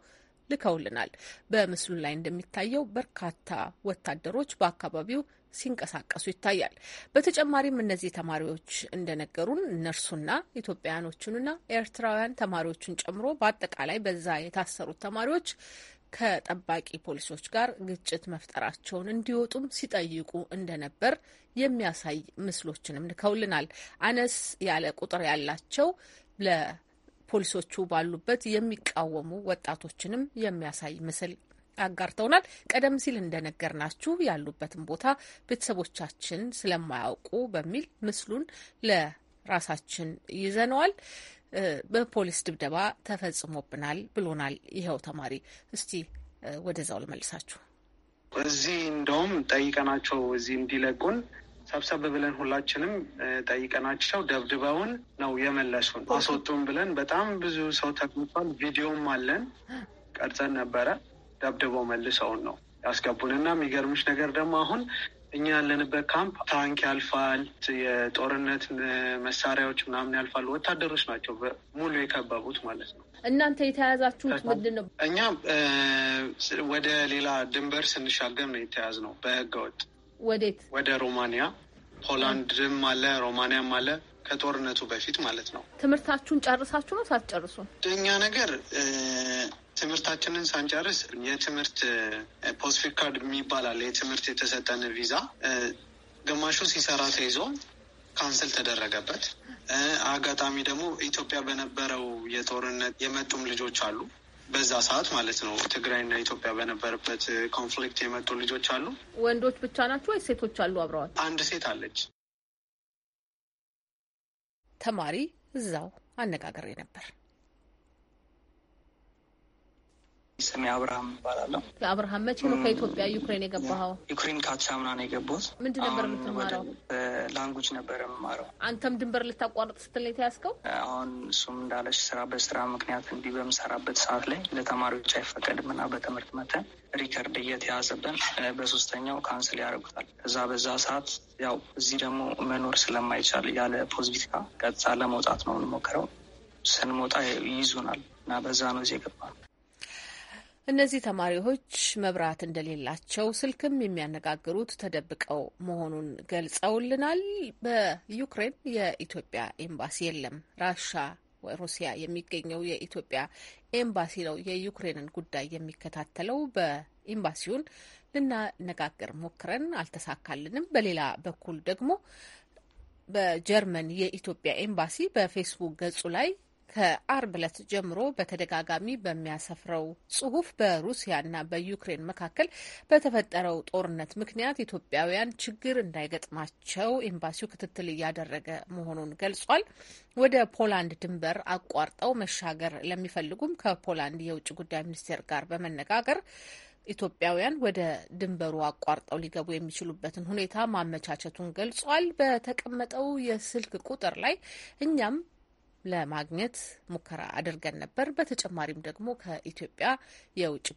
ልከውልናል። በምስሉ ላይ እንደሚታየው በርካታ ወታደሮች በአካባቢው ሲንቀሳቀሱ ይታያል። በተጨማሪም እነዚህ ተማሪዎች እንደነገሩን እነርሱና ኢትዮጵያውያኖቹንና ኤርትራውያን ተማሪዎቹን ጨምሮ በአጠቃላይ በዛ የታሰሩት ተማሪዎች ከጠባቂ ፖሊሶች ጋር ግጭት መፍጠራቸውን እንዲወጡም ሲጠይቁ እንደነበር የሚያሳይ ምስሎችንም ልከውልናል። አነስ ያለ ቁጥር ያላቸው ለፖሊሶቹ ፖሊሶቹ ባሉበት የሚቃወሙ ወጣቶችንም የሚያሳይ ምስል አጋርተውናል። ቀደም ሲል እንደነገርናችሁ ያሉበትን ቦታ ቤተሰቦቻችን ስለማያውቁ በሚል ምስሉን ለራሳችን ይዘነዋል። በፖሊስ ድብደባ ተፈጽሞብናል ብሎናል ይኸው ተማሪ። እስቲ ወደዛው ልመልሳችሁ። እዚህ እንደውም ጠይቀናቸው እዚህ እንዲለቁን ሰብሰብ ብለን ሁላችንም ጠይቀናቸው ደብድበውን ነው የመለሱን። አስወጡን ብለን በጣም ብዙ ሰው ተቀምጧል። ቪዲዮም አለን ቀርጸን ነበረ። ደብድበው መልሰውን ነው ያስገቡን እና የሚገርምሽ ነገር ደግሞ አሁን እኛ ያለንበት ካምፕ ታንክ ያልፋል፣ የጦርነት መሳሪያዎች ምናምን ያልፋሉ። ወታደሮች ናቸው ሙሉ የከበቡት ማለት ነው። እናንተ የተያዛችሁት ምንድን ነው? እኛ ወደ ሌላ ድንበር ስንሻገር ነው ነው በህገወጥ ወዴት? ወደ ሮማንያ። ፖላንድም አለ ሮማንያም አለ ከጦርነቱ በፊት ማለት ነው። ትምህርታችሁን ጨርሳችሁ ነው ሳትጨርሱ? እኛ ነገር ትምህርታችንን ሳንጨርስ የትምህርት ፖስፊክ ካርድ የሚባል አለ። የትምህርት የተሰጠን ቪዛ ግማሹ ሲሰራ ተይዞ ካንስል ተደረገበት። አጋጣሚ ደግሞ ኢትዮጵያ በነበረው የጦርነት የመጡም ልጆች አሉ። በዛ ሰዓት ማለት ነው። ትግራይና ኢትዮጵያ በነበረበት ኮንፍሊክት የመጡ ልጆች አሉ። ወንዶች ብቻ ናቸው ወይ ሴቶች አሉ? አብረዋል። አንድ ሴት አለች። ተማሪ እዛው አነጋግሬ ነበር። ስሜ አብርሃም ይባላለሁ። አብርሃም፣ መቼ ነው ከኢትዮጵያ ዩክሬን የገባኸው? ዩክሬን ካቻ ምናምን የገባሁት። ምንድን ነበር የምትማረው? ላንጉጅ ነበር የምማረው። አንተም ድንበር ልታቋርጥ ስትል የተያዝከው? አሁን እሱም እንዳለች ስራ በስራ ምክንያት እንዲህ በምሰራበት ሰዓት ላይ ለተማሪዎች አይፈቀድም እና በትምህርት መተን ሪከርድ እየተያዘብን በሶስተኛው ካንስል ያደርጉታል። እዛ በዛ ሰዓት ያው እዚህ ደግሞ መኖር ስለማይቻል ያለ ፖዚቲካ ቀጥታ ለመውጣት ነው የምንሞክረው። ስንሞጣ ይይዙናል እና በዛ ነው እዚህ የገባነው። እነዚህ ተማሪዎች መብራት እንደሌላቸው ስልክም የሚያነጋግሩት ተደብቀው መሆኑን ገልጸውልናል። በዩክሬን የኢትዮጵያ ኤምባሲ የለም። ራሻ ሩሲያ የሚገኘው የኢትዮጵያ ኤምባሲ ነው የዩክሬንን ጉዳይ የሚከታተለው። በኤምባሲውን ልናነጋግር ሞክረን አልተሳካልንም። በሌላ በኩል ደግሞ በጀርመን የኢትዮጵያ ኤምባሲ በፌስቡክ ገጹ ላይ ከአርብ ዕለት ጀምሮ በተደጋጋሚ በሚያሰፍረው ጽሁፍ በሩሲያና በዩክሬን መካከል በተፈጠረው ጦርነት ምክንያት ኢትዮጵያውያን ችግር እንዳይገጥማቸው ኤምባሲው ክትትል እያደረገ መሆኑን ገልጿል። ወደ ፖላንድ ድንበር አቋርጠው መሻገር ለሚፈልጉም ከፖላንድ የውጭ ጉዳይ ሚኒስቴር ጋር በመነጋገር ኢትዮጵያውያን ወደ ድንበሩ አቋርጠው ሊገቡ የሚችሉበትን ሁኔታ ማመቻቸቱን ገልጿል። በተቀመጠው የስልክ ቁጥር ላይ እኛም ለማግኘት ሙከራ አድርገን ነበር። በተጨማሪም ደግሞ ከኢትዮጵያ የውጭ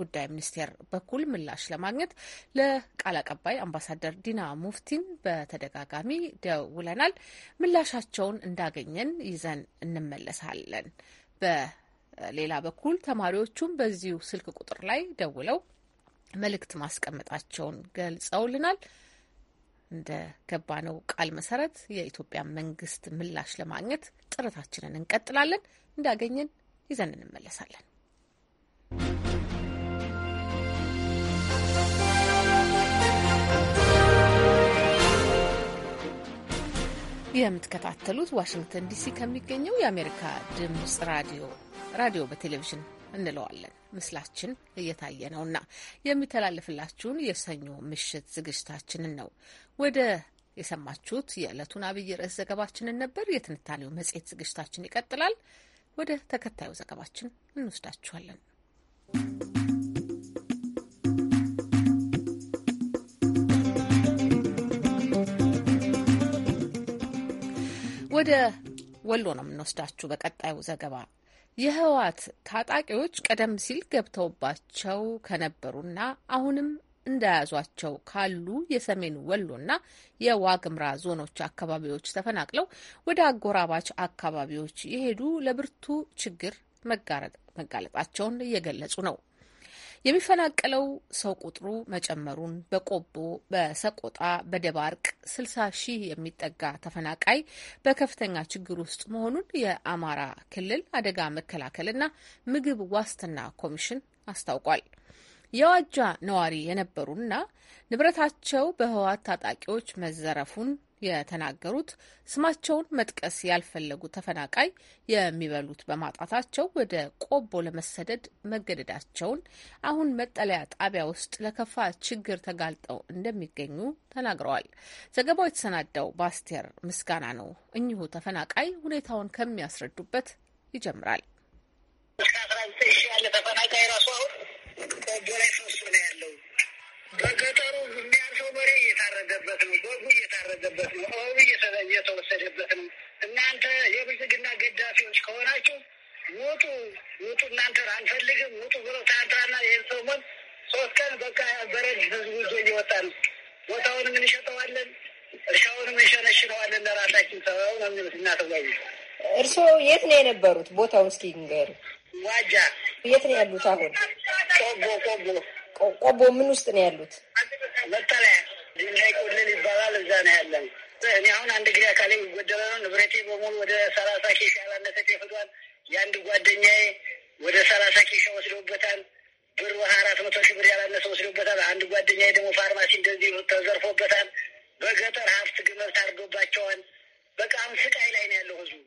ጉዳይ ሚኒስቴር በኩል ምላሽ ለማግኘት ለቃል አቀባይ አምባሳደር ዲና ሙፍቲን በተደጋጋሚ ደውለናል። ምላሻቸውን እንዳገኘን ይዘን እንመለሳለን። በሌላ በኩል ተማሪዎቹም በዚሁ ስልክ ቁጥር ላይ ደውለው መልእክት ማስቀመጣቸውን ገልጸውልናል። እንደ ነው ቃል መሰረት የኢትዮጵያ መንግስት ምላሽ ለማግኘት ጥረታችንን እንቀጥላለን። እንዳገኘን ይዘን እንመለሳለን። የምትከታተሉት ዋሽንግተን ዲሲ ከሚገኘው የአሜሪካ ድምፅ ራዲዮ ራዲዮ በቴሌቪዥን እንለዋለን። ምስላችን እየታየ ነውና የሚተላለፍላችሁን የሰኞ ምሽት ዝግጅታችንን ነው ወደ የሰማችሁት የዕለቱን አብይ ርዕስ ዘገባችንን ነበር። የትንታኔው መጽሔት ዝግጅታችን ይቀጥላል። ወደ ተከታዩ ዘገባችን እንወስዳችኋለን። ወደ ወሎ ነው የምንወስዳችሁ በቀጣዩ ዘገባ የህወሓት ታጣቂዎች ቀደም ሲል ገብተውባቸው ከነበሩና አሁንም እንደያዟቸው ካሉ የሰሜን ወሎና የዋግምራ ዞኖች አካባቢዎች ተፈናቅለው ወደ አጎራባች አካባቢዎች የሄዱ ለብርቱ ችግር መጋለጣቸውን እየገለጹ ነው። የሚፈናቀለው ሰው ቁጥሩ መጨመሩን በቆቦ፣ በሰቆጣ፣ በደባርቅ 60 ሺህ የሚጠጋ ተፈናቃይ በከፍተኛ ችግር ውስጥ መሆኑን የአማራ ክልል አደጋ መከላከልና ምግብ ዋስትና ኮሚሽን አስታውቋል። የዋጃ ነዋሪ የነበሩና ንብረታቸው በህወሓት ታጣቂዎች መዘረፉን የተናገሩት ስማቸውን መጥቀስ ያልፈለጉ ተፈናቃይ የሚበሉት በማጣታቸው ወደ ቆቦ ለመሰደድ መገደዳቸውን፣ አሁን መጠለያ ጣቢያ ውስጥ ለከፋ ችግር ተጋልጠው እንደሚገኙ ተናግረዋል። ዘገባው የተሰናዳው ባስቴር ምስጋና ነው። እኚሁ ተፈናቃይ ሁኔታውን ከሚያስረዱበት ይጀምራል። ያለ ተፈናቃይ ራሱ አሁን ቆቦ ላይ ያለው ወሬ እየታረደበት ነው፣ በጉ እየታረደበት ነው፣ ኦብ እየተወሰደበት ነው። እናንተ የብልጽግና ገዳፊዎች ከሆናችሁ ውጡ፣ ውጡ፣ እናንተ አንፈልግም፣ ውጡ ብሎ ታንትራና ይህን ሰሞን ሶስት ቀን በቃ በረድ ህዝቡ ይዞ እየወጣ ነው። ቦታውንም እንሸጠዋለን፣ እርሻውንም እንሸነሽነዋለን ለራሳችን ሰው ነው የሚሉት እናተጓዩ እርስዎ የት ነው የነበሩት? ቦታው እስኪ ንገሩ። ዋጃ። የት ነው ያሉት አሁን? ቆቦ። ቆቦ ቆቦ ምን ውስጥ ነው ያሉት? መጠለያ ድንጋይ ቆልን ይባላል። እዛ ነው ያለን። እኔ አሁን አንድ ጊዜ አካሌ የጎደለ ነው። ንብረቴ በሙሉ ወደ ሰላሳ ኬሻ ያላነሰ ሄዷል። የአንድ ጓደኛዬ ወደ ሰላሳ ኬሻ ወስዶበታል። ብር አራት መቶ ሺህ ብር ያላነሰ ወስዶበታል። አንድ ጓደኛዬ ደግሞ ፋርማሲ እንደዚህ ተዘርፎበታል። በገጠር ሀብት ግመብ ታርዶባቸዋል። በቃ አሁን ስቃይ ላይ ነው ያለው ህዝቡ።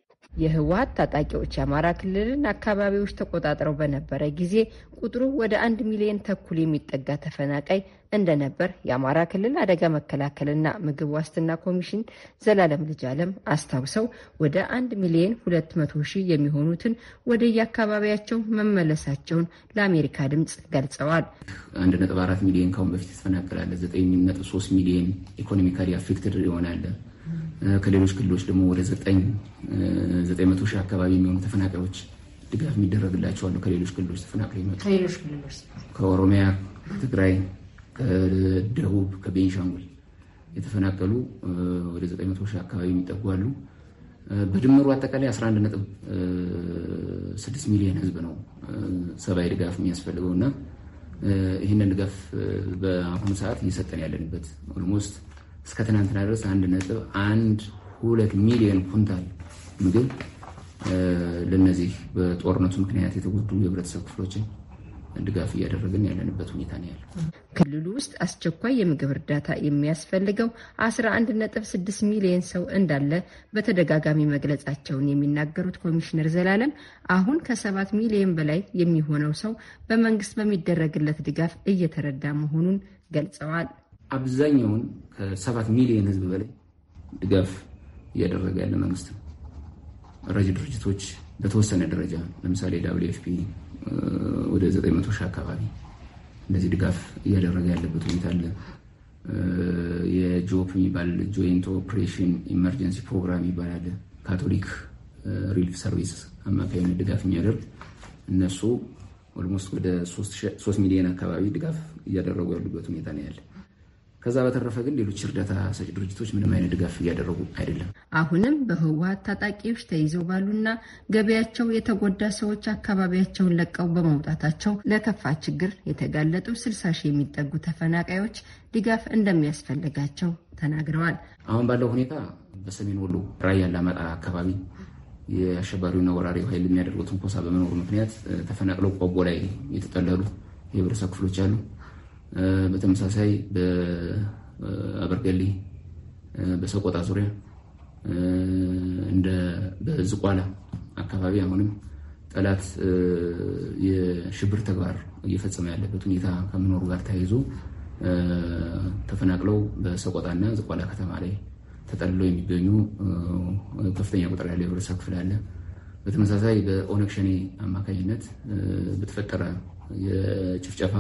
የህወሀት ታጣቂዎች የአማራ ክልልን አካባቢዎች ተቆጣጥረው በነበረ ጊዜ ቁጥሩ ወደ አንድ ሚሊዮን ተኩል የሚጠጋ ተፈናቃይ እንደነበር የአማራ ክልል አደጋ መከላከልና ምግብ ዋስትና ኮሚሽን ዘላለም ልጃለም አስታውሰው ወደ አንድ ሚሊዮን ሁለት መቶ ሺህ የሚሆኑትን ወደ የአካባቢያቸው መመለሳቸውን ለአሜሪካ ድምፅ ገልጸዋል። አንድ ነጥብ አራት ሚሊየን ካሁን በፊት ይፈናቀላለ። ዘጠኝ ነጥብ ሶስት ሚሊየን ኢኮኖሚካሊ አፌክትድ ይሆናለ። ከሌሎች ክልሎች ደግሞ ወደ ዘጠኝ ዘጠኝ መቶ ሺህ አካባቢ የሚሆኑ ተፈናቃዮች ድጋፍ የሚደረግላቸዋሉ። ከሌሎች ክልሎች ተፈናቅለው ይመጡ ከኦሮሚያ፣ ትግራይ፣ ከደቡብ ከቤንሻንጉል የተፈናቀሉ ወደ 900 ሺህ አካባቢ የሚጠጉ አሉ። በድምሩ አጠቃላይ 11 ነጥብ 6 ሚሊዮን ህዝብ ነው ሰብአዊ ድጋፍ የሚያስፈልገው እና ይህንን ድጋፍ በአሁኑ ሰዓት እየሰጠን ያለንበት ኦልሞስት እስከ ትናንትና ድረስ አንድ ነጥብ አንድ ሁለት ሚሊዮን ኩንታል ምግብ ለነዚህ በጦርነቱ ምክንያት የተጎዱ የህብረተሰብ ክፍሎችን ድጋፍ እያደረግን ያለንበት ሁኔታ ነው ያለው። ክልሉ ውስጥ አስቸኳይ የምግብ እርዳታ የሚያስፈልገው 11.6 ሚሊዮን ሰው እንዳለ በተደጋጋሚ መግለጻቸውን የሚናገሩት ኮሚሽነር ዘላለም አሁን ከሰባት ሚሊዮን በላይ የሚሆነው ሰው በመንግስት በሚደረግለት ድጋፍ እየተረዳ መሆኑን ገልጸዋል። አብዛኛውን ከሰባት ሚሊዮን ህዝብ በላይ ድጋፍ እያደረገ ያለ መንግስት ነው። ረጅ ድርጅቶች በተወሰነ ደረጃ ለምሳሌ ዳብሊው ኤፍ ፒ ወደ 900 ሺህ አካባቢ እንደዚህ ድጋፍ እያደረገ ያለበት ሁኔታ አለ። የጆፕ የሚባል ጆይንት ኦፕሬሽን ኢመርጀንሲ ፕሮግራም ይባላል። ካቶሊክ ሪሊፍ ሰርቪስ አማካኝነት ድጋፍ የሚያደርግ እነሱ ኦልሞስት ወደ 3 ሚሊዮን አካባቢ ድጋፍ እያደረጉ ያሉበት ሁኔታ ነው ያለ። ከዛ በተረፈ ግን ሌሎች እርዳታ ሰጭ ድርጅቶች ምንም አይነት ድጋፍ እያደረጉ አይደለም። አሁንም በህወሀት ታጣቂዎች ተይዘው ባሉና ገበያቸው የተጎዳ ሰዎች አካባቢያቸውን ለቀው በመውጣታቸው ለከፋ ችግር የተጋለጡ ስልሳ ሺህ የሚጠጉ ተፈናቃዮች ድጋፍ እንደሚያስፈልጋቸው ተናግረዋል። አሁን ባለው ሁኔታ በሰሜን ወሎ ራያ አላማጣ አካባቢ የአሸባሪውና ወራሪው ኃይል የሚያደርጉትን ኮሳ በመኖሩ ምክንያት ተፈናቅለው ቆቦ ላይ የተጠለሉ የህብረተሰብ ክፍሎች አሉ። በተመሳሳይ በአበርገሌ በሰቆጣ ዙሪያ እንደ በዝቋላ አካባቢ አሁንም ጠላት የሽብር ተግባር እየፈጸመ ያለበት ሁኔታ ከመኖሩ ጋር ተያይዞ ተፈናቅለው በሰቆጣና ዝቋላ ከተማ ላይ ተጠልለው የሚገኙ ከፍተኛ ቁጥር ያለው የህብረተሰብ ክፍል አለ። በተመሳሳይ በኦነግ ሸኔ አማካኝነት በተፈጠረ የጭፍጨፋ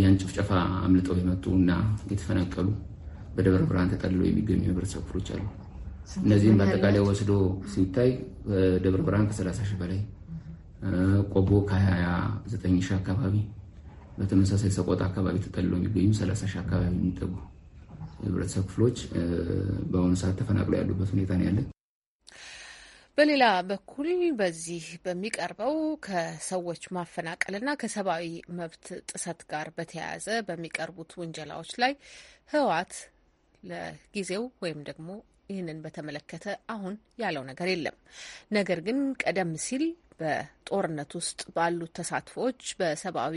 ያን ጭፍጨፋ አምልጠው የመጡ እና የተፈናቀሉ በደብረ ብርሃን ተጠልለው የሚገኙ የህብረተሰብ ክፍሎች አሉ። እነዚህም በአጠቃላይ ወስዶ ሲታይ ደብረ ብርሃን ከ30 ሺህ በላይ ቆቦ ከ29 ሺህ አካባቢ በተመሳሳይ ሰቆጣ አካባቢ ተጠልለው የሚገኙ 30 ሺህ አካባቢ የሚጠጉ የህብረተሰብ ክፍሎች በአሁኑ ሰዓት ተፈናቅለው ያሉበት ሁኔታ ነው ያለን። በሌላ በኩል በዚህ በሚቀርበው ከሰዎች ማፈናቀልና ከሰብአዊ መብት ጥሰት ጋር በተያያዘ በሚቀርቡት ውንጀላዎች ላይ ህወሓት ለጊዜው ወይም ደግሞ ይህንን በተመለከተ አሁን ያለው ነገር የለም። ነገር ግን ቀደም ሲል በጦርነት ውስጥ ባሉት ተሳትፎዎች በሰብአዊ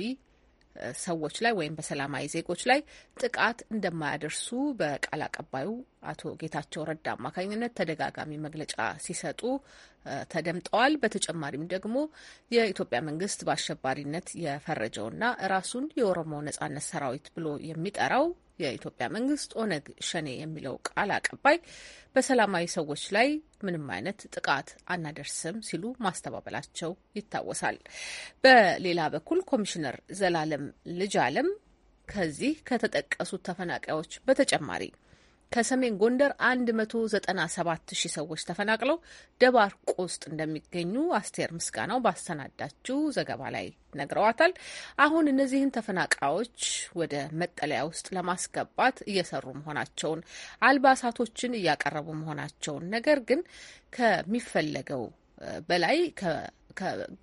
ሰዎች ላይ ወይም በሰላማዊ ዜጎች ላይ ጥቃት እንደማያደርሱ በቃል አቀባዩ አቶ ጌታቸው ረዳ አማካኝነት ተደጋጋሚ መግለጫ ሲሰጡ ተደምጠዋል። በተጨማሪም ደግሞ የኢትዮጵያ መንግስት በአሸባሪነት የፈረጀውና ራሱን የኦሮሞ ነጻነት ሰራዊት ብሎ የሚጠራው የኢትዮጵያ መንግስት ኦነግ ሸኔ የሚለው ቃል አቀባይ በሰላማዊ ሰዎች ላይ ምንም አይነት ጥቃት አናደርስም ሲሉ ማስተባበላቸው ይታወሳል። በሌላ በኩል ኮሚሽነር ዘላለም ልጅ አለም ከዚህ ከተጠቀሱት ተፈናቃዮች በተጨማሪ ከሰሜን ጎንደር 197 ሺህ ሰዎች ተፈናቅለው ደባርቆ ውስጥ እንደሚገኙ አስቴር ምስጋናው ባሰናዳችው ዘገባ ላይ ነግረዋታል። አሁን እነዚህን ተፈናቃዮች ወደ መጠለያ ውስጥ ለማስገባት እየሰሩ መሆናቸውን፣ አልባሳቶችን እያቀረቡ መሆናቸውን ነገር ግን ከሚፈለገው በላይ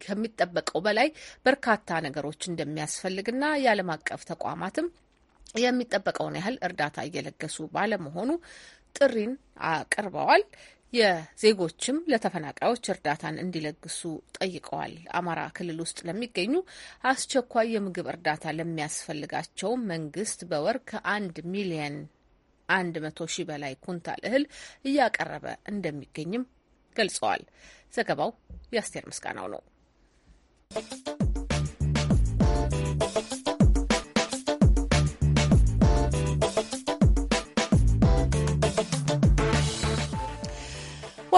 ከሚጠበቀው በላይ በርካታ ነገሮች እንደሚያስፈልግና የዓለም አቀፍ ተቋማትም የሚጠበቀውን ያህል እርዳታ እየለገሱ ባለመሆኑ ጥሪን አቅርበዋል። የዜጎችም ለተፈናቃዮች እርዳታን እንዲለግሱ ጠይቀዋል። አማራ ክልል ውስጥ ለሚገኙ አስቸኳይ የምግብ እርዳታ ለሚያስፈልጋቸው መንግስት በወር ከአንድ ሚሊየን አንድ መቶ ሺህ በላይ ኩንታል እህል እያቀረበ እንደሚገኝም ገልጸዋል። ዘገባው የአስቴር ምስጋናው ነው።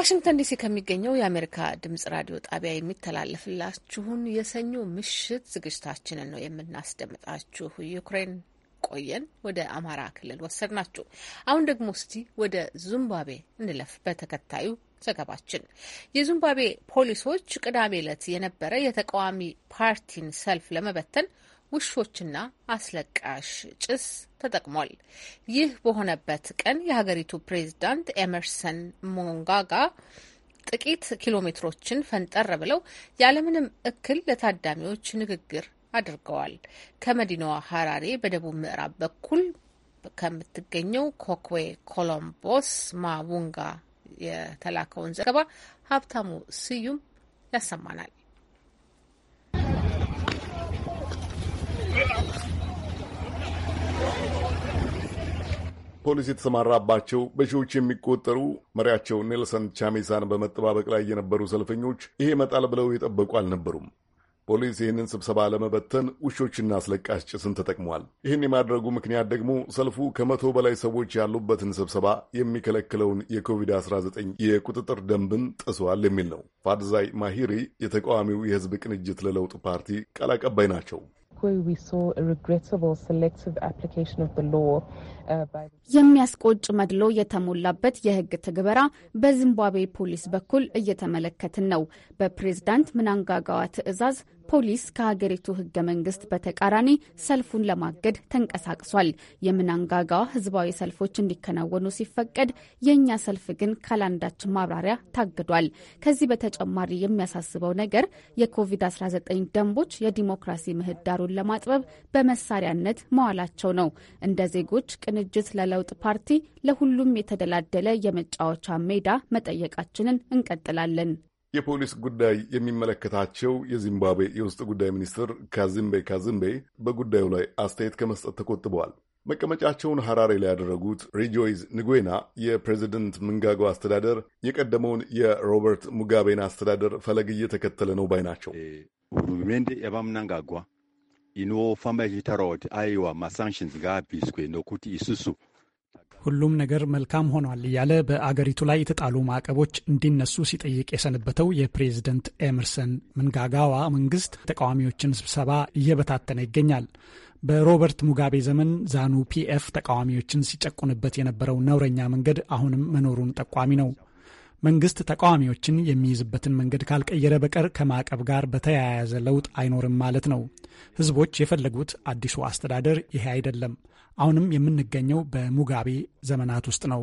ዋሽንግተን ዲሲ ከሚገኘው የአሜሪካ ድምጽ ራዲዮ ጣቢያ የሚተላለፍላችሁን የሰኞ ምሽት ዝግጅታችንን ነው የምናስደምጣችሁ። ዩክሬን ቆየን፣ ወደ አማራ ክልል ወሰድ ናችሁ። አሁን ደግሞ እስቲ ወደ ዚምባብዌ እንለፍ። በተከታዩ ዘገባችን የዚምባብዌ ፖሊሶች ቅዳሜ ዕለት የነበረ የተቃዋሚ ፓርቲን ሰልፍ ለመበተን ውሾችና አስለቃሽ ጭስ ተጠቅሟል። ይህ በሆነበት ቀን የሀገሪቱ ፕሬዚዳንት ኤመርሰን ሞንጋጋ ጥቂት ኪሎ ሜትሮችን ፈንጠር ብለው ያለምንም እክል ለታዳሚዎች ንግግር አድርገዋል። ከመዲናዋ ሀራሬ በደቡብ ምዕራብ በኩል ከምትገኘው ኮክዌ ኮሎምቦስ ማቡንጋ የተላከውን ዘገባ ሀብታሙ ስዩም ያሰማናል። ፖሊስ የተሰማራባቸው በሺዎች የሚቆጠሩ መሪያቸው ኔልሰን ቻሜሳን በመጠባበቅ ላይ የነበሩ ሰልፈኞች ይሄ መጣል ብለው የጠበቁ አልነበሩም። ፖሊስ ይህንን ስብሰባ ለመበተን ውሾችና አስለቃሽ ጭስን ተጠቅሟል። ይህን የማድረጉ ምክንያት ደግሞ ሰልፉ ከመቶ በላይ ሰዎች ያሉበትን ስብሰባ የሚከለክለውን የኮቪድ-19 የቁጥጥር ደንብን ጥሷል የሚል ነው። ፋድዛይ ማሂሪ የተቃዋሚው የህዝብ ቅንጅት ለለውጥ ፓርቲ ቃል አቀባይ ናቸው። where we saw a regrettable selective application of the law የሚያስቆጭ መድሎ የተሞላበት የህግ ትግበራ በዚምባብዌ ፖሊስ በኩል እየተመለከትን ነው። በፕሬዝዳንት ምናንጋጋዋ ትዕዛዝ ፖሊስ ከሀገሪቱ ህገ መንግስት በተቃራኒ ሰልፉን ለማገድ ተንቀሳቅሷል። የምናንጋጋዋ ህዝባዊ ሰልፎች እንዲከናወኑ ሲፈቀድ፣ የእኛ ሰልፍ ግን ካላንዳችን ማብራሪያ ታግዷል። ከዚህ በተጨማሪ የሚያሳስበው ነገር የኮቪድ-19 ደንቦች የዲሞክራሲ ምህዳሩን ለማጥበብ በመሳሪያነት መዋላቸው ነው። እንደ ዜጎች ቅን ቅንጅት ለለውጥ ፓርቲ ለሁሉም የተደላደለ የመጫወቻ ሜዳ መጠየቃችንን እንቀጥላለን። የፖሊስ ጉዳይ የሚመለከታቸው የዚምባብዌ የውስጥ ጉዳይ ሚኒስትር ካዚምቤ ካዚምቤ በጉዳዩ ላይ አስተያየት ከመስጠት ተቆጥበዋል። መቀመጫቸውን ሐራሬ ላይ ያደረጉት ሪጆይዝ ንጉዌና የፕሬዚደንት ምንጋጎ አስተዳደር የቀደመውን የሮበርት ሙጋቤን አስተዳደር ፈለግ እየተከተለ ነው ባይ ናቸው። eh, ኢንዎ ፈመጅ ተሮድ አይዋ ማሳንሽንዝ ጋቢስ ኩኖኩቲ ይስሱ ሁሉም ነገር መልካም ሆኗል እያለ በአገሪቱ ላይ የተጣሉ ማዕቀቦች እንዲነሱ ሲጠይቅ የሰነበተው የፕሬዝደንት ኤመርሰን ምንጋጋዋ መንግስት ተቃዋሚዎችን ስብሰባ እየበታተነ ይገኛል። በሮበርት ሙጋቤ ዘመን ዛኑ ፒኤፍ ተቃዋሚዎችን ሲጨቁንበት የነበረው ነውረኛ መንገድ አሁንም መኖሩን ጠቋሚ ነው። መንግስት ተቃዋሚዎችን የሚይዝበትን መንገድ ካልቀየረ በቀር ከማዕቀብ ጋር በተያያዘ ለውጥ አይኖርም ማለት ነው። ህዝቦች የፈለጉት አዲሱ አስተዳደር ይሄ አይደለም። አሁንም የምንገኘው በሙጋቤ ዘመናት ውስጥ ነው።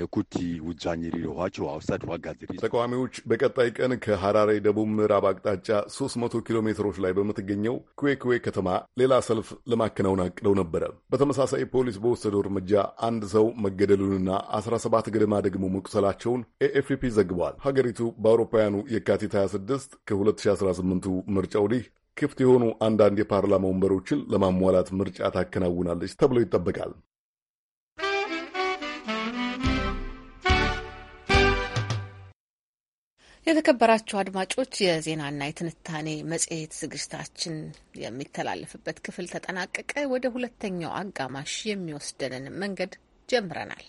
ነኩቲ ውጃኝ ሪሮኋቸው አውሳድ ዋጋዝሪ ተቃዋሚዎች በቀጣይ ቀን ከሐራሬ ደቡብ ምዕራብ አቅጣጫ 300 ኪሎ ሜትሮች ላይ በምትገኘው ኩዌክዌ ከተማ ሌላ ሰልፍ ለማከናወን አቅደው ነበረ። በተመሳሳይ ፖሊስ በወሰደው እርምጃ አንድ ሰው መገደሉንና 17 ገደማ ደግሞ መቁሰላቸውን ኤኤፍፒ ዘግቧል። ሀገሪቱ በአውሮፓውያኑ የካቲት 26 ከ2018 ምርጫ ወዲህ ክፍት የሆኑ አንዳንድ የፓርላማ ወንበሮችን ለማሟላት ምርጫ ታከናውናለች ተብሎ ይጠበቃል። የተከበራችሁ አድማጮች የዜናና የትንታኔ መጽሔት ዝግጅታችን የሚተላለፍበት ክፍል ተጠናቀቀ። ወደ ሁለተኛው አጋማሽ የሚወስደንን መንገድ ጀምረናል።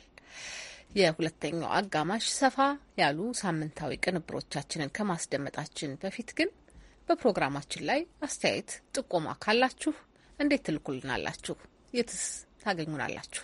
የሁለተኛው አጋማሽ ሰፋ ያሉ ሳምንታዊ ቅንብሮቻችንን ከማስደመጣችን በፊት ግን በፕሮግራማችን ላይ አስተያየት፣ ጥቆማ ካላችሁ እንዴት ትልኩልናላችሁ? የትስ ታገኙናላችሁ?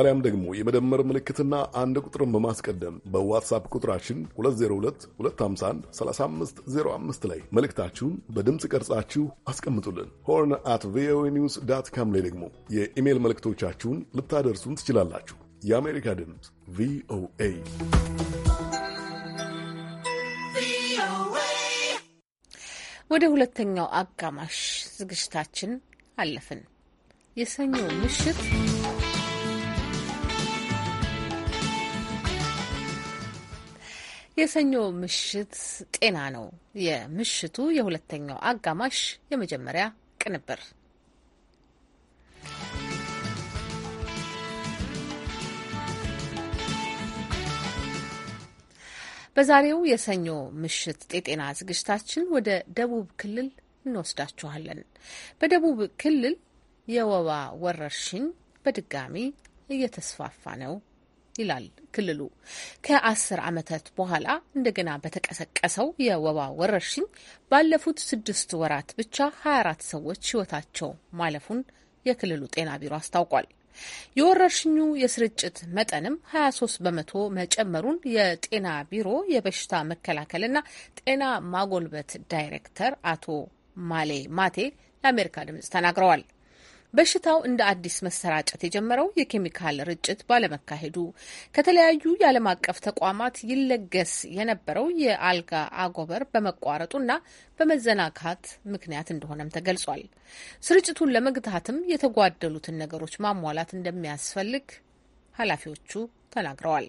አሊያም ደግሞ የመደመር ምልክትና አንድ ቁጥርን በማስቀደም በዋትሳፕ ቁጥራችን 2022513505 ላይ መልእክታችሁን በድምፅ ቀርጻችሁ አስቀምጡልን። ሆርን አት ቪኦኤ ኒውስ ዳት ካም ላይ ደግሞ የኢሜይል መልእክቶቻችሁን ልታደርሱን ትችላላችሁ። የአሜሪካ ድምፅ ቪኦኤ ወደ ሁለተኛው አጋማሽ ዝግጅታችን አለፍን። የሰኞ ምሽት የሰኞ ምሽት ጤና ነው የምሽቱ የሁለተኛው አጋማሽ የመጀመሪያ ቅንብር። በዛሬው የሰኞ ምሽት የጤና ዝግጅታችን ወደ ደቡብ ክልል እንወስዳችኋለን። በደቡብ ክልል የወባ ወረርሽኝ በድጋሚ እየተስፋፋ ነው ይላል ክልሉ። ከአስር ዓመታት በኋላ እንደገና በተቀሰቀሰው የወባ ወረርሽኝ ባለፉት ስድስት ወራት ብቻ 24 ሰዎች ሕይወታቸው ማለፉን የክልሉ ጤና ቢሮ አስታውቋል። የወረርሽኙ የስርጭት መጠንም 23 በመቶ መጨመሩን የጤና ቢሮ የበሽታ መከላከልና ጤና ማጎልበት ዳይሬክተር አቶ ማሌ ማቴ ለአሜሪካ ድምጽ ተናግረዋል። በሽታው እንደ አዲስ መሰራጨት የጀመረው የኬሚካል ርጭት ባለመካሄዱ፣ ከተለያዩ የዓለም አቀፍ ተቋማት ይለገስ የነበረው የአልጋ አጎበር በመቋረጡና በመዘናካት ምክንያት እንደሆነም ተገልጿል። ስርጭቱን ለመግታትም የተጓደሉትን ነገሮች ማሟላት እንደሚያስፈልግ ኃላፊዎቹ ተናግረዋል።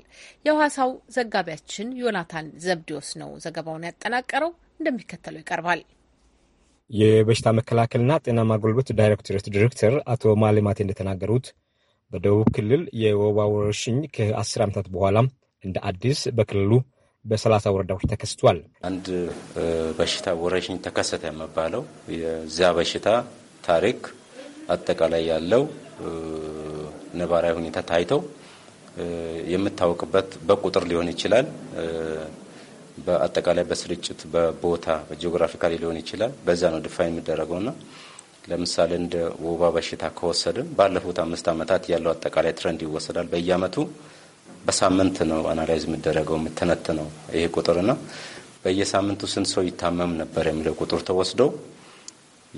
የሐዋሳው ዘጋቢያችን ዮናታን ዘብዲዮስ ነው ዘገባውን ያጠናቀረው፣ እንደሚከተለው ይቀርባል። የበሽታ መከላከልና ጤና ማጎልበት ዳይሬክቶሬት ዲሬክተር አቶ ማሌማቴ እንደተናገሩት በደቡብ ክልል የወባ ወረርሽኝ ከአስር ዓመታት በኋላ እንደ አዲስ በክልሉ በሰላሳ ወረዳዎች ተከስቷል። አንድ በሽታ ወረርሽኝ ተከሰተ የሚባለው የዚያ በሽታ ታሪክ አጠቃላይ ያለው ነባራዊ ሁኔታ ታይተው የምታወቅበት በቁጥር ሊሆን ይችላል በአጠቃላይ በስርጭት በቦታ በጂኦግራፊካሊ ሊሆን ይችላል። በዛ ነው ድፋይን ና ለምሳሌ እንደ ወባ በሽታ ከወሰድን ባለፉት አምስት ዓመታት ያለው አጠቃላይ ትረንድ ይወሰዳል። በየአመቱ በሳምንት ነው አናላይዝ የሚደረገው ነው ይሄ ና በየሳምንቱ ስንት ሰው ይታመም ነበር የሚለው ቁጥር ተወስዶ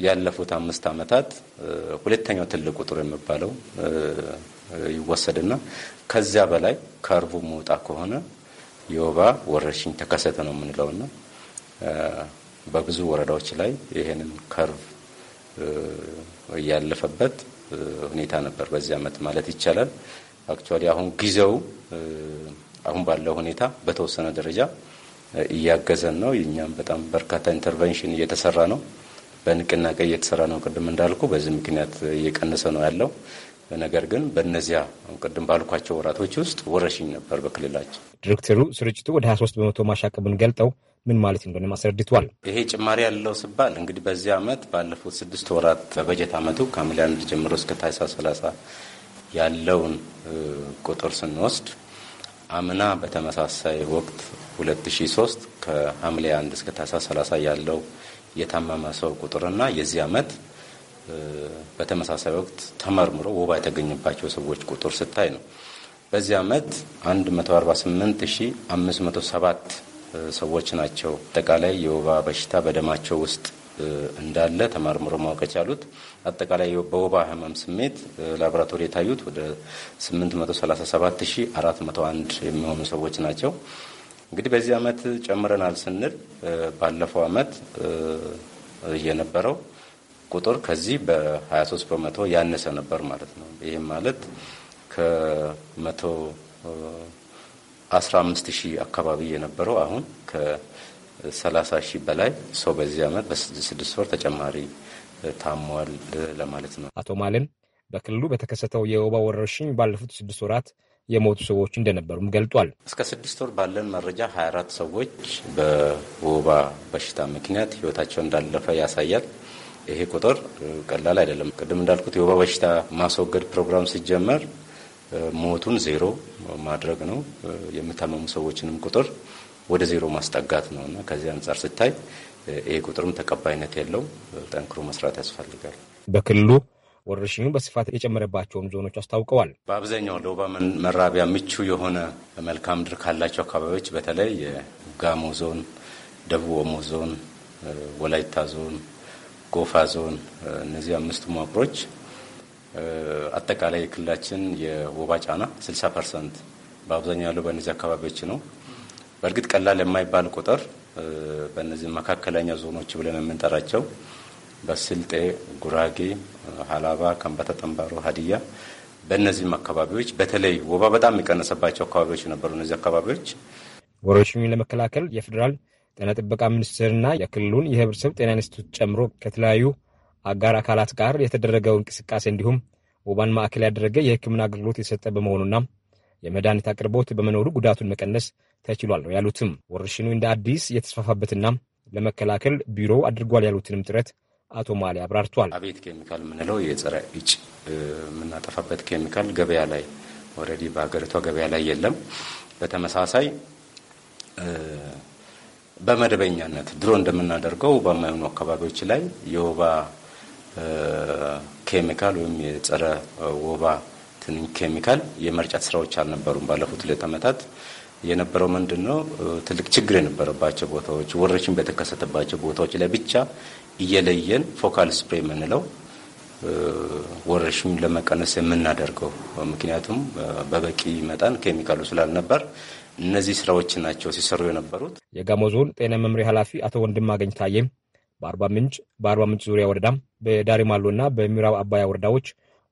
ያለፉት አምስት አመታት ሁለተኛው ትልቅ ቁጥር የሚባለው ይወሰድና ከዚያ በላይ ከርቡ መውጣ ከሆነ የወባ ወረርሽኝ ተከሰተ ነው የምንለውና በብዙ ወረዳዎች ላይ ይሄንን ከርቭ ያለፈበት ሁኔታ ነበር በዚህ አመት ማለት ይቻላል። አክቹዋሊ አሁን ጊዜው አሁን ባለው ሁኔታ በተወሰነ ደረጃ እያገዘን ነው። እኛም በጣም በርካታ ኢንተርቨንሽን እየተሰራ ነው፣ በንቅናቄ እየተሰራ ነው። ቅድም እንዳልኩ በዚህ ምክንያት እየቀነሰ ነው ያለው። ነገር ግን በእነዚያ ቅድም ባልኳቸው ወራቶች ውስጥ ወረሽኝ ነበር በክልላችን። ዲሬክተሩ ስርጭቱ ወደ 23 በመቶ ማሻቀቡን ገልጠው ምን ማለት እንደሆነ አስረድቷል። ይሄ ጭማሪ ያለው ስባል እንግዲህ በዚህ ዓመት ባለፉት ስድስት ወራት በበጀት ዓመቱ ከሐምሌ አንድ ጀምሮ እስከ ታህሳስ 30 ያለውን ቁጥር ስንወስድ አምና በተመሳሳይ ወቅት 2003 ከሐምሌ 1 እስከ ታህሳስ 30 ያለው የታመመ ሰው ቁጥርና የዚህ ዓመት በተመሳሳይ ወቅት ተመርምሮ ወባ የተገኘባቸው ሰዎች ቁጥር ስታይ ነው። በዚህ ዓመት 148507 ሰዎች ናቸው አጠቃላይ የወባ በሽታ በደማቸው ውስጥ እንዳለ ተመርምሮ ማወቅ የቻሉት። አጠቃላይ በወባ ህመም ስሜት ላቦራቶሪ የታዩት ወደ 837401 የሚሆኑ ሰዎች ናቸው። እንግዲህ በዚህ ዓመት ጨምረናል ስንል ባለፈው ዓመት የነበረው ቁጥር ከዚህ በ23 በመቶ ያነሰ ነበር ማለት ነው። ይህም ማለት ከመቶ 15 ሺህ አካባቢ የነበረው አሁን ከ30 ሺህ በላይ ሰው በዚህ ዓመት በስድስት ወር ተጨማሪ ታሟል ለማለት ነው። አቶ ማለም በክልሉ በተከሰተው የወባ ወረርሽኝ ባለፉት ስድስት ወራት የሞቱ ሰዎች እንደነበሩም ገልጧል። እስከ ስድስት ወር ባለን መረጃ 24 ሰዎች በወባ በሽታ ምክንያት ህይወታቸው እንዳለፈ ያሳያል። ይሄ ቁጥር ቀላል አይደለም። ቅድም እንዳልኩት የወባ በሽታ ማስወገድ ፕሮግራም ሲጀመር ሞቱን ዜሮ ማድረግ ነው። የምታመሙ ሰዎችንም ቁጥር ወደ ዜሮ ማስጠጋት ነው እና ከዚህ አንጻር ሲታይ ይሄ ቁጥርም ተቀባይነት የለው። ጠንክሮ መስራት ያስፈልጋል። በክልሉ ወረርሽኙ በስፋት የጨመረባቸውን ዞኖች አስታውቀዋል። በአብዛኛው ለወባ መራቢያ ምቹ የሆነ መልክዓ ምድር ካላቸው አካባቢዎች በተለይ የጋሞ ዞን፣ ደቡብ ኦሞ ዞን፣ ወላይታ ዞን ጎፋ ዞን እነዚህ አምስቱ ማፕሮች አጠቃላይ የክልላችን የወባ ጫና 60 ፐርሰንት በአብዛኛው ያለው በእነዚህ አካባቢዎች ነው። በእርግጥ ቀላል የማይባል ቁጥር በእነዚህ መካከለኛ ዞኖች ብለን የምንጠራቸው በስልጤ፣ ጉራጌ፣ ሀላባ፣ ከምባታ፣ ጠንባሮ፣ ሀዲያ በእነዚህም አካባቢዎች በተለይ ወባ በጣም የቀነሰባቸው አካባቢዎች ነበሩ። እነዚህ አካባቢዎች ወረርሽኙን ለመከላከል የፌዴራል ጤና ጥበቃ ሚኒስቴርና የክልሉን የህብረተሰብ ጤና ኢንስቲቱት ጨምሮ ከተለያዩ አጋር አካላት ጋር የተደረገው እንቅስቃሴ እንዲሁም ወባን ማዕከል ያደረገ የህክምና አገልግሎት የተሰጠ በመሆኑና የመድኃኒት አቅርቦት በመኖሩ ጉዳቱን መቀነስ ተችሏል ነው ያሉትም። ወረርሽኑ እንደ አዲስ የተስፋፋበትና ለመከላከል ቢሮ አድርጓል ያሉትንም ጥረት አቶ ማሊ አብራርቷል። አቤት ኬሚካል የምንለው የጸረ እጭ የምናጠፋበት ኬሚካል ገበያ ላይ ኦልሬዲ በሀገሪቷ ገበያ ላይ የለም። በተመሳሳይ በመደበኛነት ድሮ እንደምናደርገው በማይሆኑ አካባቢዎች ላይ የወባ ኬሚካል ወይም የጸረ ወባ ትንኝ ኬሚካል የመርጫት ስራዎች አልነበሩም። ባለፉት ሁለት ዓመታት የነበረው ምንድን ነው? ትልቅ ችግር የነበረባቸው ቦታዎች፣ ወረርሽኝ በተከሰተባቸው ቦታዎች ላይ ብቻ እየለየን ፎካል ስፕሬይ የምንለው ወረርሽኙን ለመቀነስ የምናደርገው ምክንያቱም በበቂ መጠን ኬሚካሉ ስላልነበር እነዚህ ስራዎች ናቸው ሲሰሩ የነበሩት። የጋሞ ዞን ጤና መምሪያ ኃላፊ አቶ ወንድም አገኝ ታዬም በአርባ ምንጭ በአርባ ምንጭ ዙሪያ ወረዳ በዳሪማሎ እና በምዕራብ አባያ ወረዳዎች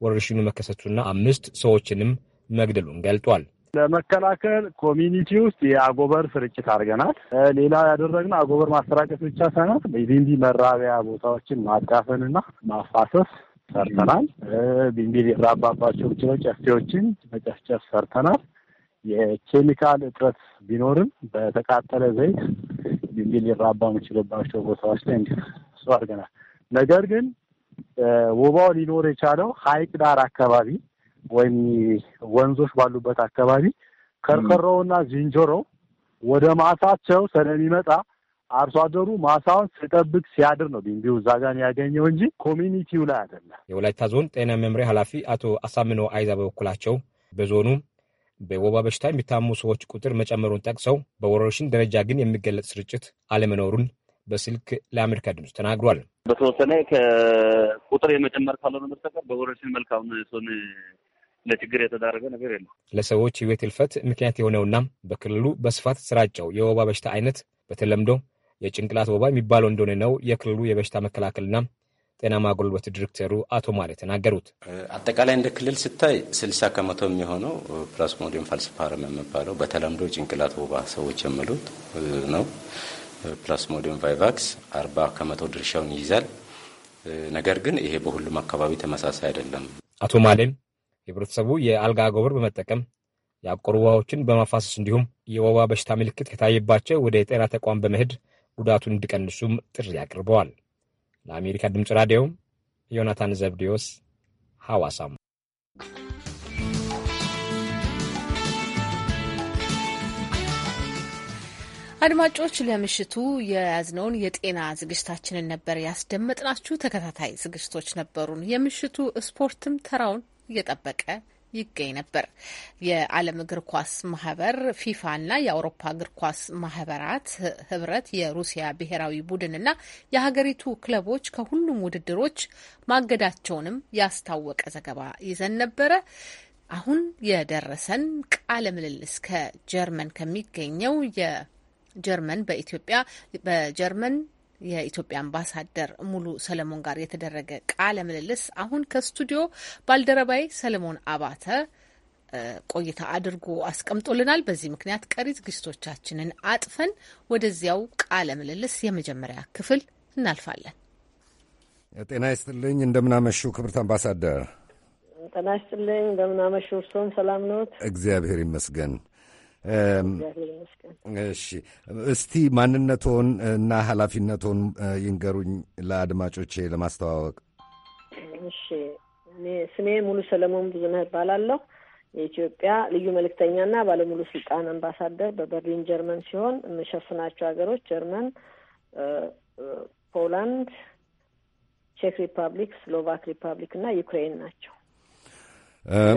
ወረርሽኙ መከሰቱና አምስት ሰዎችንም መግደሉን ገልጧል። ለመከላከል ኮሚኒቲ ውስጥ የአጎበር ስርጭት አድርገናል። ሌላ ያደረግነው አጎበር ማሰራጨት ብቻ ሳይሆን ቢንቢ መራቢያ ቦታዎችን ማቃፈንና ማፋሰስ ሰርተናል። ቢንቢ ሊራባባቸው ችሎ ጨፌዎችን መጨፍጨፍ ሰርተናል። የኬሚካል እጥረት ቢኖርም በተቃጠለ ዘይት ድንጋይ ሊራባ የሚችልባቸው ቦታዎች ላይ እንዲ አድርገናል። ነገር ግን ወባው ሊኖር የቻለው ሐይቅ ዳር አካባቢ ወይም ወንዞች ባሉበት አካባቢ ከርከሮውና ዝንጀሮው ወደ ማሳቸው ስለሚመጣ አርሶ አደሩ ማሳውን ሲጠብቅ ሲያድር ነው ቢንቢው እዛ ጋር ያገኘው እንጂ ኮሚኒቲው ላይ አይደለም። የወላይታ ዞን ጤና መምሪያ ኃላፊ አቶ አሳምኖ አይዛ በበኩላቸው በዞኑ በወባ በሽታ የሚታሙ ሰዎች ቁጥር መጨመሩን ጠቅሰው በወረርሽኝ ደረጃ ግን የሚገለጽ ስርጭት አለመኖሩን በስልክ ለአሜሪካ ድምፅ ተናግሯል። በተወሰነ ከቁጥር የመጨመር ካልሆነ በስተቀር በወረርሽኝ መልካም ሰውን ለችግር የተዳረገ ነገር የለም። ለሰዎች ህይወት እልፈት ምክንያት የሆነውና በክልሉ በስፋት ስራጨው የወባ በሽታ አይነት በተለምዶ የጭንቅላት ወባ የሚባለው እንደሆነ ነው የክልሉ የበሽታ መከላከልና ጤና ማጎልበት ዲሬክተሩ አቶ ማሌ ተናገሩት። አጠቃላይ እንደ ክልል ስታይ ስልሳ ከመቶ የሚሆነው ፕላስሞዲየም ፋልሲፓረም የሚባለው በተለምዶ ጭንቅላት ወባ ሰዎች የሚሉት ነው። ፕላስሞዲየም ቫይቫክስ አርባ ከመቶ ድርሻውን ይይዛል። ነገር ግን ይሄ በሁሉም አካባቢ ተመሳሳይ አይደለም። አቶ ማሌም የህብረተሰቡ የአልጋ ጎበር በመጠቀም የአቆሩ ውሃዎችን በማፋሰስ እንዲሁም የወባ በሽታ ምልክት ከታየባቸው ወደ ጤና ተቋም በመሄድ ጉዳቱን እንዲቀንሱም ጥሪ አቅርበዋል። ለአሜሪካ ድምፅ ራዲዮ ዮናታን ዘብዲዮስ ሐዋሳም አድማጮች ለምሽቱ የያዝነውን የጤና ዝግጅታችንን ነበር ያስደመጥናችሁ። ተከታታይ ዝግጅቶች ነበሩን። የምሽቱ ስፖርትም ተራውን እየጠበቀ ይገኝ ነበር። የዓለም እግር ኳስ ማህበር ፊፋና የአውሮፓ እግር ኳስ ማህበራት ህብረት የሩሲያ ብሔራዊ ቡድንና የሀገሪቱ ክለቦች ከሁሉም ውድድሮች ማገዳቸውንም ያስታወቀ ዘገባ ይዘን ነበረ። አሁን የደረሰን ቃለ ምልልስ ከጀርመን ከሚገኘው የጀርመን በኢትዮጵያ በጀርመን የኢትዮጵያ አምባሳደር ሙሉ ሰለሞን ጋር የተደረገ ቃለ ምልልስ አሁን ከስቱዲዮ ባልደረባይ ሰለሞን አባተ ቆይታ አድርጎ አስቀምጦልናል። በዚህ ምክንያት ቀሪ ዝግጅቶቻችንን አጥፈን ወደዚያው ቃለ ምልልስ የመጀመሪያ ክፍል እናልፋለን። ጤና ይስጥልኝ፣ እንደምናመሹ ክብርት አምባሳደር። ጤና ይስጥልኝ፣ እንደምናመሹ። እርስዎም ሰላም ኖት? እግዚአብሔር ይመስገን። እሺ እስቲ ማንነቶን እና ኃላፊነቶን ይንገሩኝ ለአድማጮቼ ለማስተዋወቅ። እሺ ስሜ ሙሉ ሰለሞን ብዙነህ እባላለሁ። የኢትዮጵያ ልዩ መልእክተኛና ባለሙሉ ስልጣን አምባሳደር በበርሊን ጀርመን ሲሆን የምሸፍናቸው ሀገሮች ጀርመን፣ ፖላንድ፣ ቼክ ሪፐብሊክ፣ ስሎቫክ ሪፐብሊክ እና ዩክሬን ናቸው።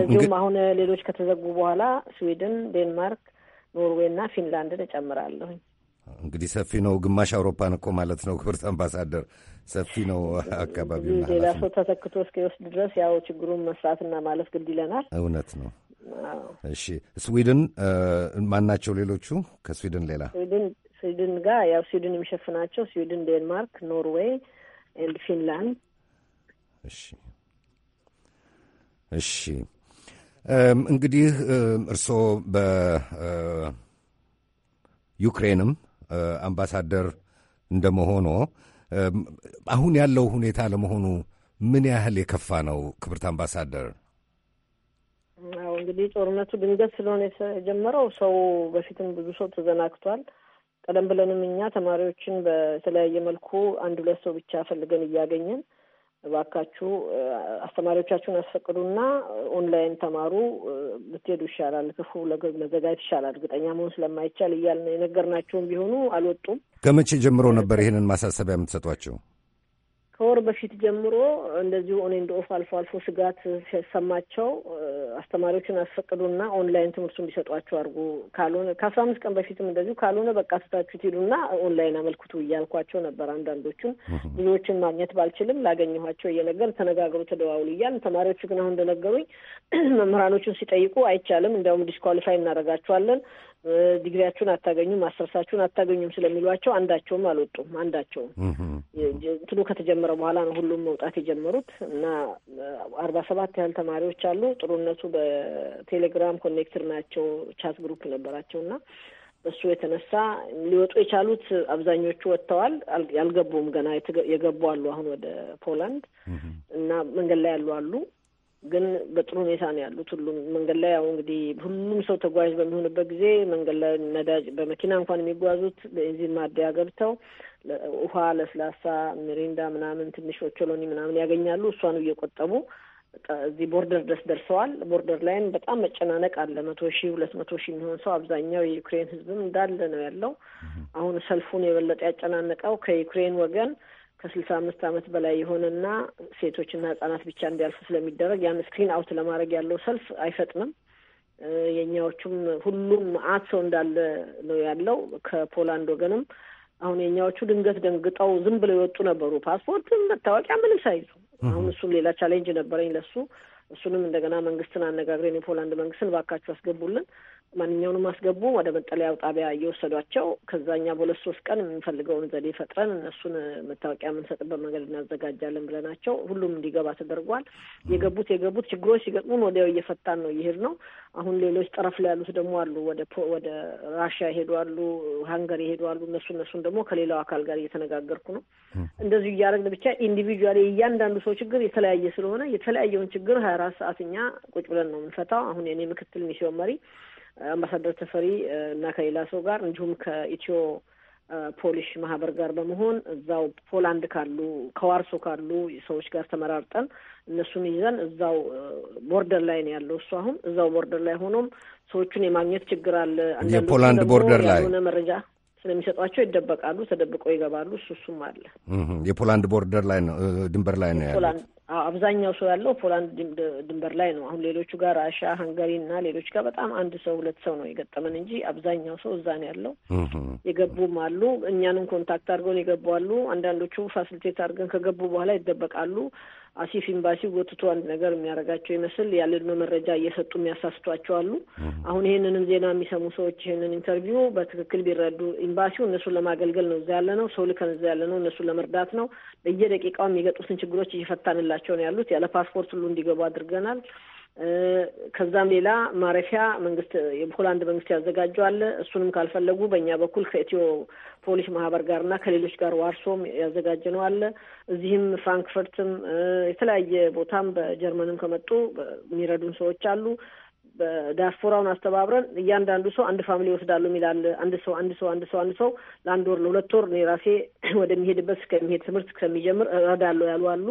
እዚሁም አሁን ሌሎች ከተዘጉ በኋላ ስዊድን፣ ዴንማርክ፣ ኖርዌይ እና ፊንላንድን እጨምራለሁኝ። እንግዲህ ሰፊ ነው። ግማሽ አውሮፓን እኮ ማለት ነው ክብርት አምባሳደር፣ ሰፊ ነው አካባቢው። ሌላ ሰው ተተክቶ እስኪወስድ ድረስ ያው ችግሩን መስራትና ማለፍ ግድ ይለናል። እውነት ነው። እሺ፣ ስዊድን ማናቸው? ሌሎቹ ከስዊድን ሌላ ስዊድን ጋር ያው ስዊድን የሚሸፍናቸው ስዊድን፣ ዴንማርክ፣ ኖርዌይ ኤንድ ፊንላንድ። እሺ፣ እሺ። እንግዲህ እርስዎ በዩክሬንም አምባሳደር እንደመሆኖ አሁን ያለው ሁኔታ ለመሆኑ ምን ያህል የከፋ ነው ክብርት አምባሳደር? እንግዲህ ጦርነቱ ድንገት ስለሆነ የጀመረው ሰው በፊትም ብዙ ሰው ተዘናግቷል። ቀደም ብለንም እኛ ተማሪዎችን በተለያየ መልኩ አንድ ሁለት ሰው ብቻ ፈልገን እያገኘን እባካችሁ አስተማሪዎቻችሁን አስፈቅዱና ኦንላይን ተማሩ ብትሄዱ ይሻላል፣ ክፉ መዘጋጀት ይሻላል፣ እርግጠኛ መሆን ስለማይቻል እያል የነገርናቸውን ቢሆኑ አልወጡም። ከመቼ ጀምሮ ነበር ይህንን ማሳሰቢያ የምትሰጧቸው? ከወር በፊት ጀምሮ እንደዚሁ ኦኔንድ ኦፍ አልፎ አልፎ ስጋት ሰማቸው አስተማሪዎችን አስፈቅዱና ኦንላይን ትምህርቱ ቢሰጧቸው አድርጉ። ካልሆነ ከአስራ አምስት ቀን በፊትም እንደዚሁ ካልሆነ በቃ ስታችሁ ትሄዱና ኦንላይን አመልክቱ እያልኳቸው ነበር። አንዳንዶቹን ብዙዎችን ማግኘት ባልችልም ላገኘኋቸው እየነገር ተነጋግሩ፣ ተደዋውሉ እያል ተማሪዎቹ ግን አሁን እንደነገሩኝ <clears throat> መምህራኖቹን ሲጠይቁ አይቻልም፣ እንዲያውም ዲስኳሊፋይ እናደርጋቸዋለን ዲግሪያችሁን አታገኙም፣ ማስተርሳችሁን አታገኙም ስለሚሏቸው አንዳቸውም አልወጡም። አንዳቸውም እንትኑ ከተጀመረ በኋላ ነው ሁሉም መውጣት የጀመሩት እና አርባ ሰባት ያህል ተማሪዎች አሉ። ጥሩነቱ በቴሌግራም ኮኔክትር ናቸው። ቻት ግሩፕ ነበራቸው እና በሱ የተነሳ ሊወጡ የቻሉት አብዛኞቹ ወጥተዋል። ያልገቡም ገና የገቡ አሉ። አሁን ወደ ፖላንድ እና መንገድ ላይ ያሉ አሉ። ግን በጥሩ ሁኔታ ነው ያሉት። ሁሉም መንገድ ላይ አሁን እንግዲህ ሁሉም ሰው ተጓዥ በሚሆንበት ጊዜ መንገድ ላይ ነዳጅ በመኪና እንኳን የሚጓዙት በኤንዚን ማደያ ገብተው ውሃ፣ ለስላሳ፣ ሚሪንዳ ምናምን ትንሽ ኦቾሎኒ ምናምን ያገኛሉ። እሷን እየቆጠቡ እዚህ ቦርደር ድረስ ደርሰዋል። ቦርደር ላይም በጣም መጨናነቅ አለ። መቶ ሺህ ሁለት መቶ ሺህ የሚሆን ሰው አብዛኛው የዩክሬን ህዝብም እንዳለ ነው ያለው። አሁን ሰልፉን የበለጠ ያጨናነቀው ከዩክሬን ወገን ከስልሳ አምስት ዓመት በላይ የሆነና ሴቶችና ህጻናት ብቻ እንዲያልፉ ስለሚደረግ ያን ስክሪን አውት ለማድረግ ያለው ሰልፍ አይፈጥንም። የእኛዎቹም ሁሉም አት ሰው እንዳለ ነው ያለው። ከፖላንድ ወገንም አሁን የእኛዎቹ ድንገት ደንግጠው ዝም ብለው የወጡ ነበሩ፣ ፓስፖርት መታወቂያ ምንም ሳይዙ። አሁን እሱም ሌላ ቻሌንጅ ነበረኝ ለሱ እሱንም እንደገና መንግስትን አነጋግረን የፖላንድ መንግስትን ባካችሁ አስገቡልን ማንኛውንም አስገቡ ወደ መጠለያው ጣቢያ እየወሰዷቸው ከዛኛ በሁለት ሶስት ቀን የምንፈልገውን ዘዴ ፈጥረን እነሱን መታወቂያ የምንሰጥበት መንገድ እናዘጋጃለን ብለናቸው ሁሉም እንዲገባ ተደርጓል። የገቡት የገቡት ችግሮች ሲገጥሙን ወዲያው እየፈታን ነው ይሄድ ነው። አሁን ሌሎች ጠረፍ ላይ ያሉት ደግሞ አሉ። ወደ ወደ ራሽያ ይሄዱ አሉ፣ ሀንገሪ ይሄዱ አሉ። እነሱ እነሱን ደግሞ ከሌላው አካል ጋር እየተነጋገርኩ ነው። እንደዚሁ እያደረግን ብቻ ኢንዲቪጁዋል የእያንዳንዱ ሰው ችግር የተለያየ ስለሆነ የተለያየውን ችግር ሀያ አራት ሰዓት እኛ ቁጭ ብለን ነው የምንፈታው። አሁን የኔ ምክትል ሚስዮን መሪ አምባሳደር ተፈሪ እና ከሌላ ሰው ጋር እንዲሁም ከኢትዮ ፖሊሽ ማህበር ጋር በመሆን እዛው ፖላንድ ካሉ ከዋርሶ ካሉ ሰዎች ጋር ተመራርጠን እነሱን ይዘን እዛው ቦርደር ላይ ነው ያለው። እሱ አሁን እዛው ቦርደር ላይ ሆኖም ሰዎቹን የማግኘት ችግር አለ። የፖላንድ ቦርደር ላይ መረጃ ስለሚሰጧቸው ይደበቃሉ፣ ተደብቀው ይገባሉ። እሱ እሱም አለ። የፖላንድ ቦርደር ላይ ነው ድንበር ላይ ነው ያሉት። አብዛኛው ሰው ያለው ፖላንድ ድንበር ላይ ነው። አሁን ሌሎቹ ጋር ራሻ፣ ሀንገሪ እና ሌሎች ጋር በጣም አንድ ሰው ሁለት ሰው ነው የገጠመን እንጂ አብዛኛው ሰው እዛ ነው ያለው። የገቡም አሉ። እኛንም ኮንታክት አድርገውን የገቡ አሉ። አንዳንዶቹ ፋሲሊቴት አድርገን ከገቡ በኋላ ይደበቃሉ። አሲፍ ኤምባሲ ጎትቶ አንድ ነገር የሚያደርጋቸው ይመስል ያለድመ መረጃ እየሰጡ የሚያሳስቷቸው አሉ። አሁን ይህንንም ዜና የሚሰሙ ሰዎች ይህንን ኢንተርቪው በትክክል ቢረዱ ኤምባሲው እነሱን ለማገልገል ነው እዛ ያለ ነው፣ ሰው ልከን እዛ ያለ ነው፣ እነሱን ለመርዳት ነው። በየደቂቃው የሚገጡትን ችግሮች እየፈታንላቸው ነው ያሉት። ያለ ፓስፖርት ሁሉ እንዲገቡ አድርገናል። ከዛም ሌላ ማረፊያ መንግስት የሆላንድ መንግስት ያዘጋጀው አለ። እሱንም ካልፈለጉ በእኛ በኩል ከኢትዮ ፖሊስ ማህበር ጋር ከሌሎች ጋር ዋርሶም ያዘጋጀ ነው አለ። እዚህም ፍራንክፈርትም የተለያየ ቦታም በጀርመንም ከመጡ የሚረዱን ሰዎች አሉ። በዳያስፖራውን አስተባብረን እያንዳንዱ ሰው አንድ ፋሚሊ ይወስዳሉ የሚላል አንድ ሰው አንድ ሰው አንድ ሰው አንድ ሰው ለአንድ ወር ለሁለት ወር እኔ ራሴ ወደሚሄድበት እስከሚሄድ ትምህርት እስከሚጀምር እረዳለሁ ያሉ አሉ።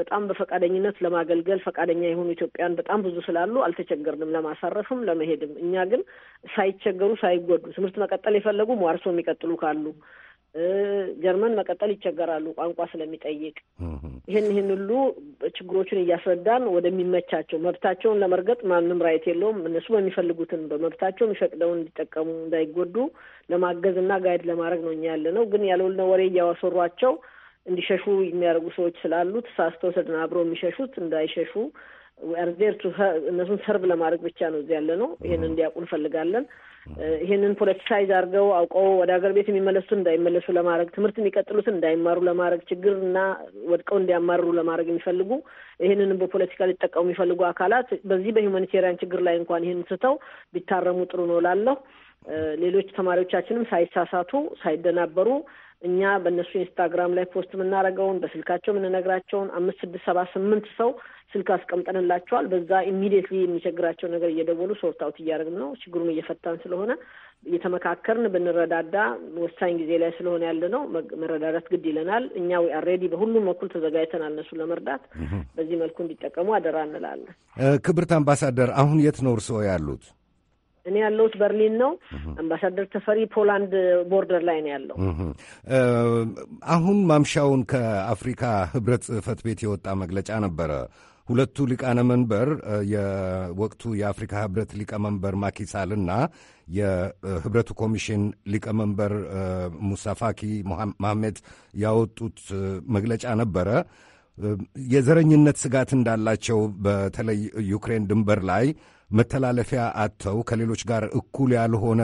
በጣም በፈቃደኝነት ለማገልገል ፈቃደኛ የሆኑ ኢትዮጵያን በጣም ብዙ ስላሉ አልተቸገርንም፣ ለማሳረፍም ለመሄድም። እኛ ግን ሳይቸገሩ ሳይጎዱ ትምህርት መቀጠል የፈለጉ ሟርሶ የሚቀጥሉ ካሉ ጀርመን መቀጠል ይቸገራሉ፣ ቋንቋ ስለሚጠይቅ። ይህን ይህን ሁሉ ችግሮቹን እያስረዳን ወደሚመቻቸው መብታቸውን ለመርገጥ ማንም ራይት የለውም። እነሱ በሚፈልጉትን በመብታቸው የሚፈቅደውን እንዲጠቀሙ እንዳይጎዱ ለማገዝ እና ጋይድ ለማድረግ ነው እኛ ያለ ነው። ግን ያለውልነ ወሬ እያወሰሯቸው እንዲሸሹ የሚያደርጉ ሰዎች ስላሉ ተሳስተው ሰድን አብረው የሚሸሹት እንዳይሸሹ አርዜርቱ እነሱን ሰርብ ለማድረግ ብቻ ነው እዚያ ያለ ነው። ይህን እንዲያውቁ እንፈልጋለን። ይህንን ፖለቲሳይዝ አድርገው አውቀው ወደ ሀገር ቤት የሚመለሱትን እንዳይመለሱ ለማድረግ ትምህርት የሚቀጥሉትን እንዳይማሩ ለማድረግ ችግርና ወድቀው እንዲያማሩ ለማድረግ የሚፈልጉ ይህንንም በፖለቲካ ሊጠቀሙ የሚፈልጉ አካላት በዚህ በሂውማኒቴሪያን ችግር ላይ እንኳን ይህን ስተው ቢታረሙ ጥሩ ነው ላለሁ ሌሎች ተማሪዎቻችንም ሳይሳሳቱ ሳይደናበሩ እኛ በእነሱ ኢንስታግራም ላይ ፖስት የምናደርገውን በስልካቸው የምንነግራቸውን አምስት ስድስት ሰባ ስምንት ሰው ስልክ አስቀምጠንላቸዋል። በዛ ኢሚዲየትሊ የሚቸግራቸው ነገር እየደወሉ ሶርት አውት እያደረግን ነው። ችግሩን እየፈታን ስለሆነ እየተመካከርን ብንረዳዳ ወሳኝ ጊዜ ላይ ስለሆነ ያለ ነው መረዳዳት ግድ ይለናል። እኛ ዊ አልሬዲ በሁሉም በኩል ተዘጋጅተናል እነሱ ለመርዳት። በዚህ መልኩ እንዲጠቀሙ አደራ እንላለን። ክብርት አምባሳደር አሁን የት ነው እርስዎ ያሉት? እኔ ያለሁት በርሊን ነው። አምባሳደር ተፈሪ ፖላንድ ቦርደር ላይ ነው ያለው። አሁን ማምሻውን ከአፍሪካ ህብረት ጽህፈት ቤት የወጣ መግለጫ ነበረ። ሁለቱ ሊቃነ መንበር የወቅቱ የአፍሪካ ህብረት ሊቀመንበር ማኪሳል የህብረቱ ኮሚሽን ሊቀመንበር ሙሳፋኪ መሐሜት ያወጡት መግለጫ ነበረ። የዘረኝነት ስጋት እንዳላቸው በተለይ ዩክሬን ድንበር ላይ መተላለፊያ አጥተው ከሌሎች ጋር እኩል ያልሆነ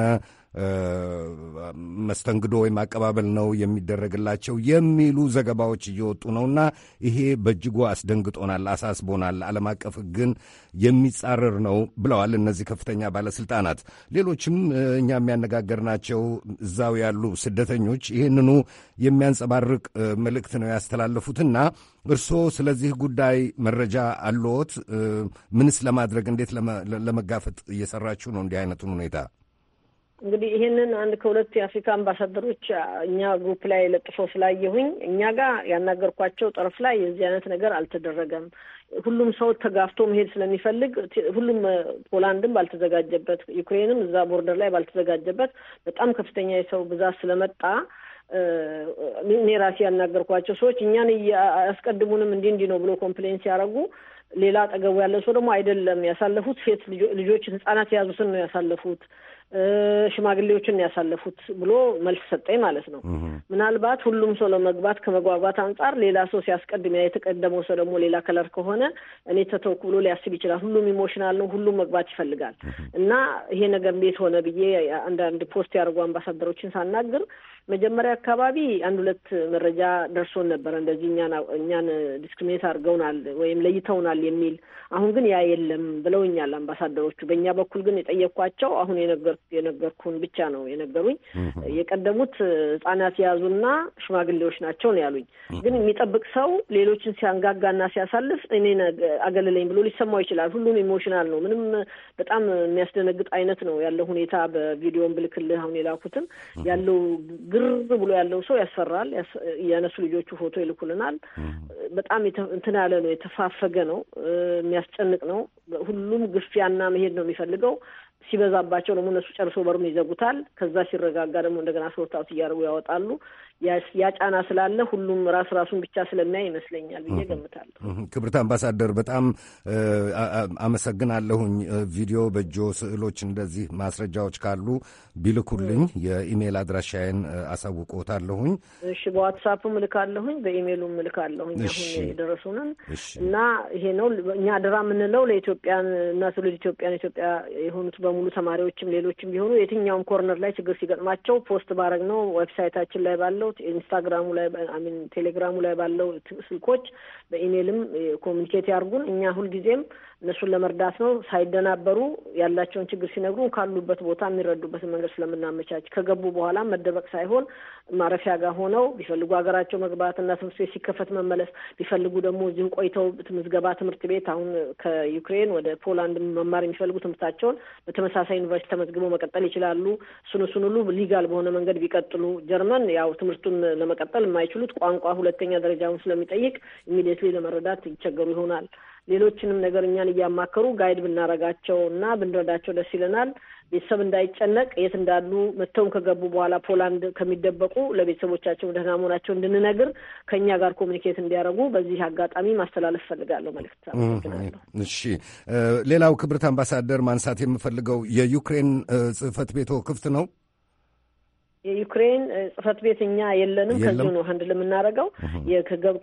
መስተንግዶ ወይም አቀባበል ነው የሚደረግላቸው የሚሉ ዘገባዎች እየወጡ ነውና ይሄ በእጅጉ አስደንግጦናል፣ አሳስቦናል፣ ዓለም አቀፍ ሕግን የሚጻረር ነው ብለዋል እነዚህ ከፍተኛ ባለስልጣናት። ሌሎችም እኛ የሚያነጋገርናቸው እዛው ያሉ ስደተኞች ይህንኑ የሚያንጸባርቅ መልእክት ነው ያስተላለፉትና እርስዎ ስለዚህ ጉዳይ መረጃ አለዎት? ምንስ ለማድረግ እንዴት ለመጋፈጥ እየሰራችሁ ነው እንዲህ አይነቱን ሁኔታ? እንግዲህ ይህንን አንድ ከሁለት የአፍሪካ አምባሳደሮች እኛ ግሩፕ ላይ ለጥፈው ስላየሁኝ እኛ ጋር ያናገርኳቸው ጠረፍ ላይ የዚህ አይነት ነገር አልተደረገም። ሁሉም ሰው ተጋፍቶ መሄድ ስለሚፈልግ ሁሉም ፖላንድም ባልተዘጋጀበት፣ ዩክሬንም እዛ ቦርደር ላይ ባልተዘጋጀበት በጣም ከፍተኛ የሰው ብዛት ስለመጣ እኔ ራሴ ያናገርኳቸው ሰዎች እኛን አስቀድሙንም እንዲህ እንዲህ ነው ብሎ ኮምፕሌን ሲያደርጉ ሌላ አጠገቡ ያለ ሰው ደግሞ አይደለም ያሳለፉት ሴት ልጆች ህጻናት የያዙትን ነው ያሳለፉት ሽማግሌዎችን ያሳለፉት ብሎ መልስ ሰጠኝ ማለት ነው። ምናልባት ሁሉም ሰው ለመግባት ከመጓጓት አንጻር ሌላ ሰው ሲያስቀድም ያ የተቀደመው ሰው ደግሞ ሌላ ከለር ከሆነ እኔ ተተውኩ ብሎ ሊያስብ ይችላል። ሁሉም ኢሞሽናል ነው፣ ሁሉም መግባት ይፈልጋል እና ይሄ ነገር እንዴት ሆነ ብዬ አንዳንድ ፖስት ያደርጉ አምባሳደሮችን ሳናግር መጀመሪያ አካባቢ አንድ ሁለት መረጃ ደርሶን ነበረ እንደዚህ እኛን እኛን ዲስክሪሚኔት አድርገውናል ወይም ለይተውናል የሚል አሁን ግን ያ የለም ብለውኛል አምባሳደሮቹ። በእኛ በኩል ግን የጠየቅኳቸው አሁን የነገር የነገርኩን ብቻ ነው የነገሩኝ። የቀደሙት ህጻናት የያዙና ሽማግሌዎች ናቸው ነው ያሉኝ። ግን የሚጠብቅ ሰው ሌሎችን ሲያንጋጋና ሲያሳልፍ እኔ አገልለኝ ብሎ ሊሰማው ይችላል። ሁሉም ኢሞሽናል ነው። ምንም በጣም የሚያስደነግጥ አይነት ነው ያለው ሁኔታ። በቪዲዮን ብልክልህ አሁን የላኩትን ያለው ግር ብሎ ያለው ሰው ያስፈራል። የነሱ ልጆቹ ፎቶ ይልኩልናል። በጣም እንትን ያለ ነው፣ የተፋፈገ ነው፣ የሚያስጨንቅ ነው። ሁሉም ግፊያና መሄድ ነው የሚፈልገው። ሲበዛባቸው ደግሞ እነሱ ጨርሶ በሩን ይዘጉታል። ከዛ ሲረጋጋ ደግሞ እንደገና ሶርታውት እያደረጉ ያወጣሉ። ያጫና ስላለ ሁሉም ራስ ራሱን ብቻ ስለሚያይ ይመስለኛል ብዬ ገምታለሁ። ክብርት አምባሳደር በጣም አመሰግናለሁኝ። ቪዲዮ በእጆ ስዕሎች፣ እንደዚህ ማስረጃዎች ካሉ ቢልኩልኝ የኢሜይል አድራሻዬን አሳውቆታለሁኝ። እሺ፣ በዋትሳፕ ምልካለሁኝ፣ በኢሜይሉ ምልካለሁኝ። አሁን የደረሱንን እና ይሄ ነው እኛ ድራ የምንለው ለኢትዮ ኢትዮጵያን እና ትውልድ ኢትዮጵያን ኢትዮጵያ የሆኑት በሙሉ ተማሪዎችም ሌሎችም ቢሆኑ የትኛውም ኮርነር ላይ ችግር ሲገጥማቸው ፖስት ባረግ ነው ዌብሳይታችን ላይ ባለው ኢንስታግራሙ ላይ ሚን ቴሌግራሙ ላይ ባለው ስልኮች በኢሜይልም ኮሚኒኬት ያርጉን። እኛ ሁልጊዜም እነሱን ለመርዳት ነው። ሳይደናበሩ ያላቸውን ችግር ሲነግሩ ካሉበት ቦታ የሚረዱበት መንገድ ስለምናመቻች ከገቡ በኋላ መደበቅ ሳይሆን ማረፊያ ጋር ሆነው ቢፈልጉ ሀገራቸው መግባትና ትምህርት ቤት ሲከፈት መመለስ ቢፈልጉ ደግሞ እዚሁ ቆይተው ምዝገባ ትምህርት ቤት አሁን ከዩክሬን ዩክሬን ወደ ፖላንድ መማር የሚፈልጉ ትምህርታቸውን በተመሳሳይ ዩኒቨርሲቲ ተመዝግበው መቀጠል ይችላሉ። እሱን እሱን ሁሉ ሊጋል በሆነ መንገድ ቢቀጥሉ ጀርመን ያው ትምህርቱን ለመቀጠል የማይችሉት ቋንቋ ሁለተኛ ደረጃውን ስለሚጠይቅ ኢሚዲየትሊ ለመረዳት ይቸገሩ ይሆናል። ሌሎችንም ነገር እኛን እያማከሩ ጋይድ ብናረጋቸው እና ብንረዳቸው ደስ ይለናል። ቤተሰብ እንዳይጨነቅ የት እንዳሉ መጥተውም ከገቡ በኋላ ፖላንድ ከሚደበቁ ለቤተሰቦቻቸው ደህና መሆናቸው እንድንነግር ከእኛ ጋር ኮሚኒኬት እንዲያደርጉ በዚህ አጋጣሚ ማስተላለፍ ፈልጋለሁ መልዕክት። እሺ፣ ሌላው ክብርት አምባሳደር ማንሳት የምፈልገው የዩክሬን ጽህፈት ቤቶ ክፍት ነው? የዩክሬን ጽህፈት ቤት እኛ የለንም። ከዚሁ ነው አንድ ለምናደርገው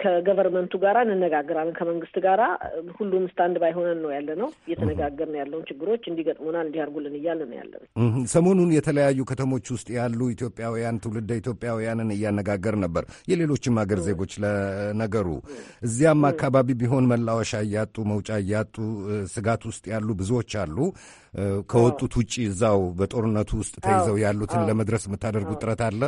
ከገቨርመንቱ ጋራ እንነጋገራለን። ከመንግስት ጋራ ሁሉም ስታንድ ባይ ሆነን ነው ያለ ነው እየተነጋገርን ያለውን ችግሮች እንዲገጥሙናል እንዲያርጉልን እያለ ነው ያለ ነው። ሰሞኑን የተለያዩ ከተሞች ውስጥ ያሉ ኢትዮጵያውያን ትውልደ ኢትዮጵያውያንን እያነጋገር ነበር። የሌሎችም ሀገር ዜጎች ለነገሩ እዚያም አካባቢ ቢሆን መላወሻ እያጡ መውጫ እያጡ ስጋት ውስጥ ያሉ ብዙዎች አሉ። ከወጡት ውጭ እዛው በጦርነቱ ውስጥ ተይዘው ያሉትን ለመድረስ የምታደርገው የሚያደርጉት ጥረት አለ?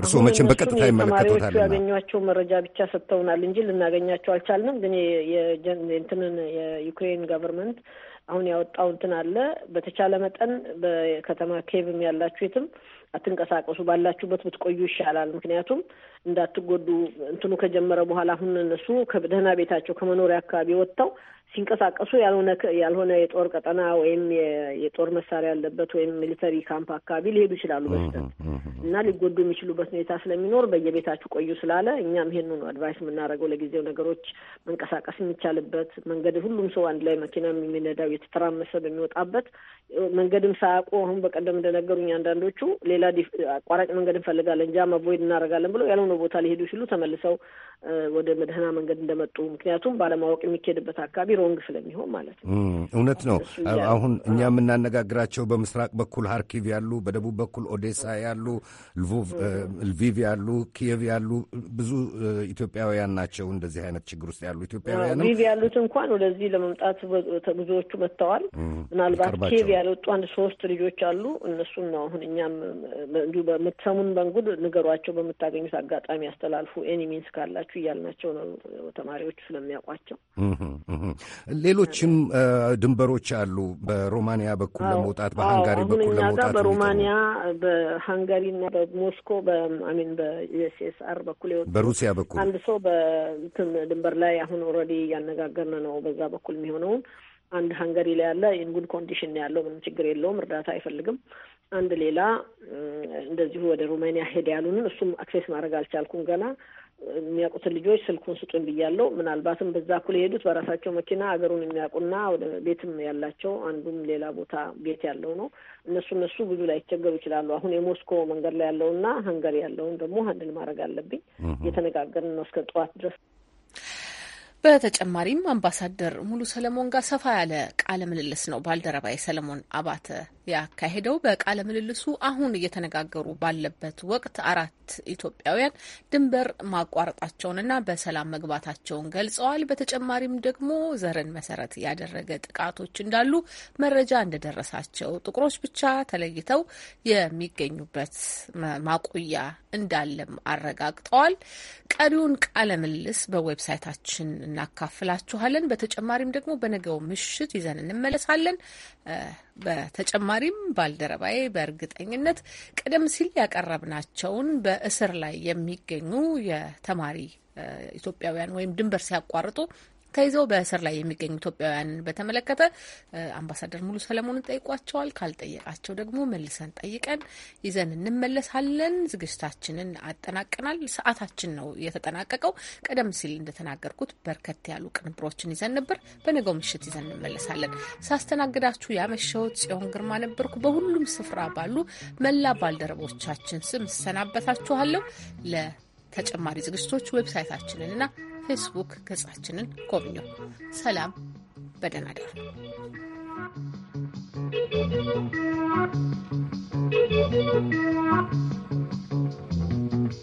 እርስዎ መቼም በቀጥታ ይመለከቶታል። ያገኟቸው መረጃ ብቻ ሰጥተውናል እንጂ ልናገኛቸው አልቻልንም። ግን እንትንን የዩክሬን ገቨርንመንት አሁን ያወጣው እንትን አለ። በተቻለ መጠን በከተማ ኬቭም ያላችሁ የትም አትንቀሳቀሱ፣ ባላችሁበት ብትቆዩ ይሻላል። ምክንያቱም እንዳትጎዱ እንትኑ ከጀመረ በኋላ አሁን እነሱ ከደህና ቤታቸው ከመኖሪያ አካባቢ ወጥተው ሲንቀሳቀሱ ያልሆነ ያልሆነ የጦር ቀጠና ወይም የጦር መሳሪያ ያለበት ወይም ሚሊተሪ ካምፕ አካባቢ ሊሄዱ ይችላሉ በስተት እና ሊጎዱ የሚችሉበት ሁኔታ ስለሚኖር በየቤታችሁ ቆዩ ስላለ እኛም ይሄን ነው አድቫይስ የምናደርገው። ለጊዜው ነገሮች መንቀሳቀስ የሚቻልበት መንገድ ሁሉም ሰው አንድ ላይ መኪና የሚነዳው የተተራመሰ በሚወጣበት መንገድም ሳያውቁ አሁን በቀደም እንደነገሩኝ አንዳንዶቹ ሌላ አቋራጭ መንገድ እንፈልጋለን ጃም አቮይድ እናደርጋለን ብለው ያልሆነ ቦታ ሊሄዱ ሲሉ ተመልሰው ወደ መድህና መንገድ እንደመጡ ምክንያቱም ባለማወቅ የሚካሄድበት አካባቢ ስትሮንግ ስለሚሆን ማለት ነው። እውነት ነው። አሁን እኛ የምናነጋግራቸው በምስራቅ በኩል ሀርኪቭ ያሉ፣ በደቡብ በኩል ኦዴሳ ያሉ፣ ልቪቭ ያሉ፣ ኪየቭ ያሉ ብዙ ኢትዮጵያውያን ናቸው። እንደዚህ አይነት ችግር ውስጥ ያሉ ኢትዮጵያውያን ቪቭ ያሉት እንኳን ወደዚህ ለመምጣት ብዙዎቹ መጥተዋል። ምናልባት ኪየቭ ያልወጡ አንድ ሶስት ልጆች አሉ። እነሱም ነው አሁን እኛም እንዲሁ በምትሰሙን በንጉድ ንገሯቸው፣ በምታገኙት አጋጣሚ ያስተላልፉ ኤኒ ሚንስ ካላችሁ እያልናቸው ነው ተማሪዎቹ ስለሚያውቋቸው ሌሎችም ድንበሮች አሉ። በሮማንያ በኩል ለመውጣት በሃንጋሪ በኩል ለመውጣት በሮማኒያ በሃንጋሪና በሞስኮ በአሚን በዩኤስኤስአር በኩል በሩሲያ በኩል አንድ ሰው በትም ድንበር ላይ አሁን ኦልሬዲ እያነጋገርን ነው። በዛ በኩል የሚሆነውን አንድ ሃንገሪ ላይ ያለ ኢንጉድ ኮንዲሽን ያለው ምንም ችግር የለውም፣ እርዳታ አይፈልግም። አንድ ሌላ እንደዚሁ ወደ ሮማኒያ ሄድ ያሉንን እሱም አክሴስ ማድረግ አልቻልኩም ገና የሚያውቁትን ልጆች ስልኩን ስጡን ብያለው። ምናልባትም በዛ እኩል የሄዱት በራሳቸው መኪና ሀገሩን የሚያውቁና ወደ ቤትም ያላቸው አንዱም ሌላ ቦታ ቤት ያለው ነው። እነሱ እነሱ ብዙ ላይ ይቸገሩ ይችላሉ። አሁን የሞስኮ መንገድ ላይ ያለውና ሀንገሪ ያለውን ደግሞ ሀንድል ማድረግ አለብኝ። እየተነጋገርን ነው እስከ ጠዋት ድረስ። በተጨማሪም አምባሳደር ሙሉ ሰለሞን ጋር ሰፋ ያለ ቃለ ምልልስ ነው ባልደረባ የሰለሞን አባተ ያካሄደው። በቃለ ምልልሱ አሁን እየተነጋገሩ ባለበት ወቅት አራት ኢትዮጵያውያን ድንበር ማቋረጣቸውንና በሰላም መግባታቸውን ገልጸዋል። በተጨማሪም ደግሞ ዘርን መሰረት ያደረገ ጥቃቶች እንዳሉ መረጃ እንደደረሳቸው፣ ጥቁሮች ብቻ ተለይተው የሚገኙበት ማቆያ እንዳለም አረጋግጠዋል። ቀሪውን ቃለ ምልልስ በዌብሳይታችን እናካፍላችኋለን። በተጨማሪም ደግሞ በነገው ምሽት ይዘን እንመለሳለን። በተጨማሪም ባልደረባዬ በእርግጠኝነት ቀደም ሲል ያቀረብናቸውን በእስር ላይ የሚገኙ የተማሪ ኢትዮጵያውያን ወይም ድንበር ሲያቋርጡ ተይዘው በእስር ላይ የሚገኙ ኢትዮጵያውያንን በተመለከተ አምባሳደር ሙሉ ሰለሞንን ጠይቋቸዋል። ካልጠየቃቸው ደግሞ መልሰን ጠይቀን ይዘን እንመለሳለን። ዝግጅታችንን አጠናቀናል። ሰዓታችን ነው የተጠናቀቀው። ቀደም ሲል እንደተናገርኩት በርከት ያሉ ቅንብሮችን ይዘን ነበር። በነገው ምሽት ይዘን እንመለሳለን። ሳስተናግዳችሁ ያመሸሁት ጽዮን ግርማ ነበርኩ። በሁሉም ስፍራ ባሉ መላ ባልደረቦቻችን ስም እሰናበታችኋለሁ። ለተጨማሪ ዝግጅቶች ዌብሳይታችንንና ፌስቡክ ገጻችንን ጎብኙ። ሰላም፣ በደህና እደሩ።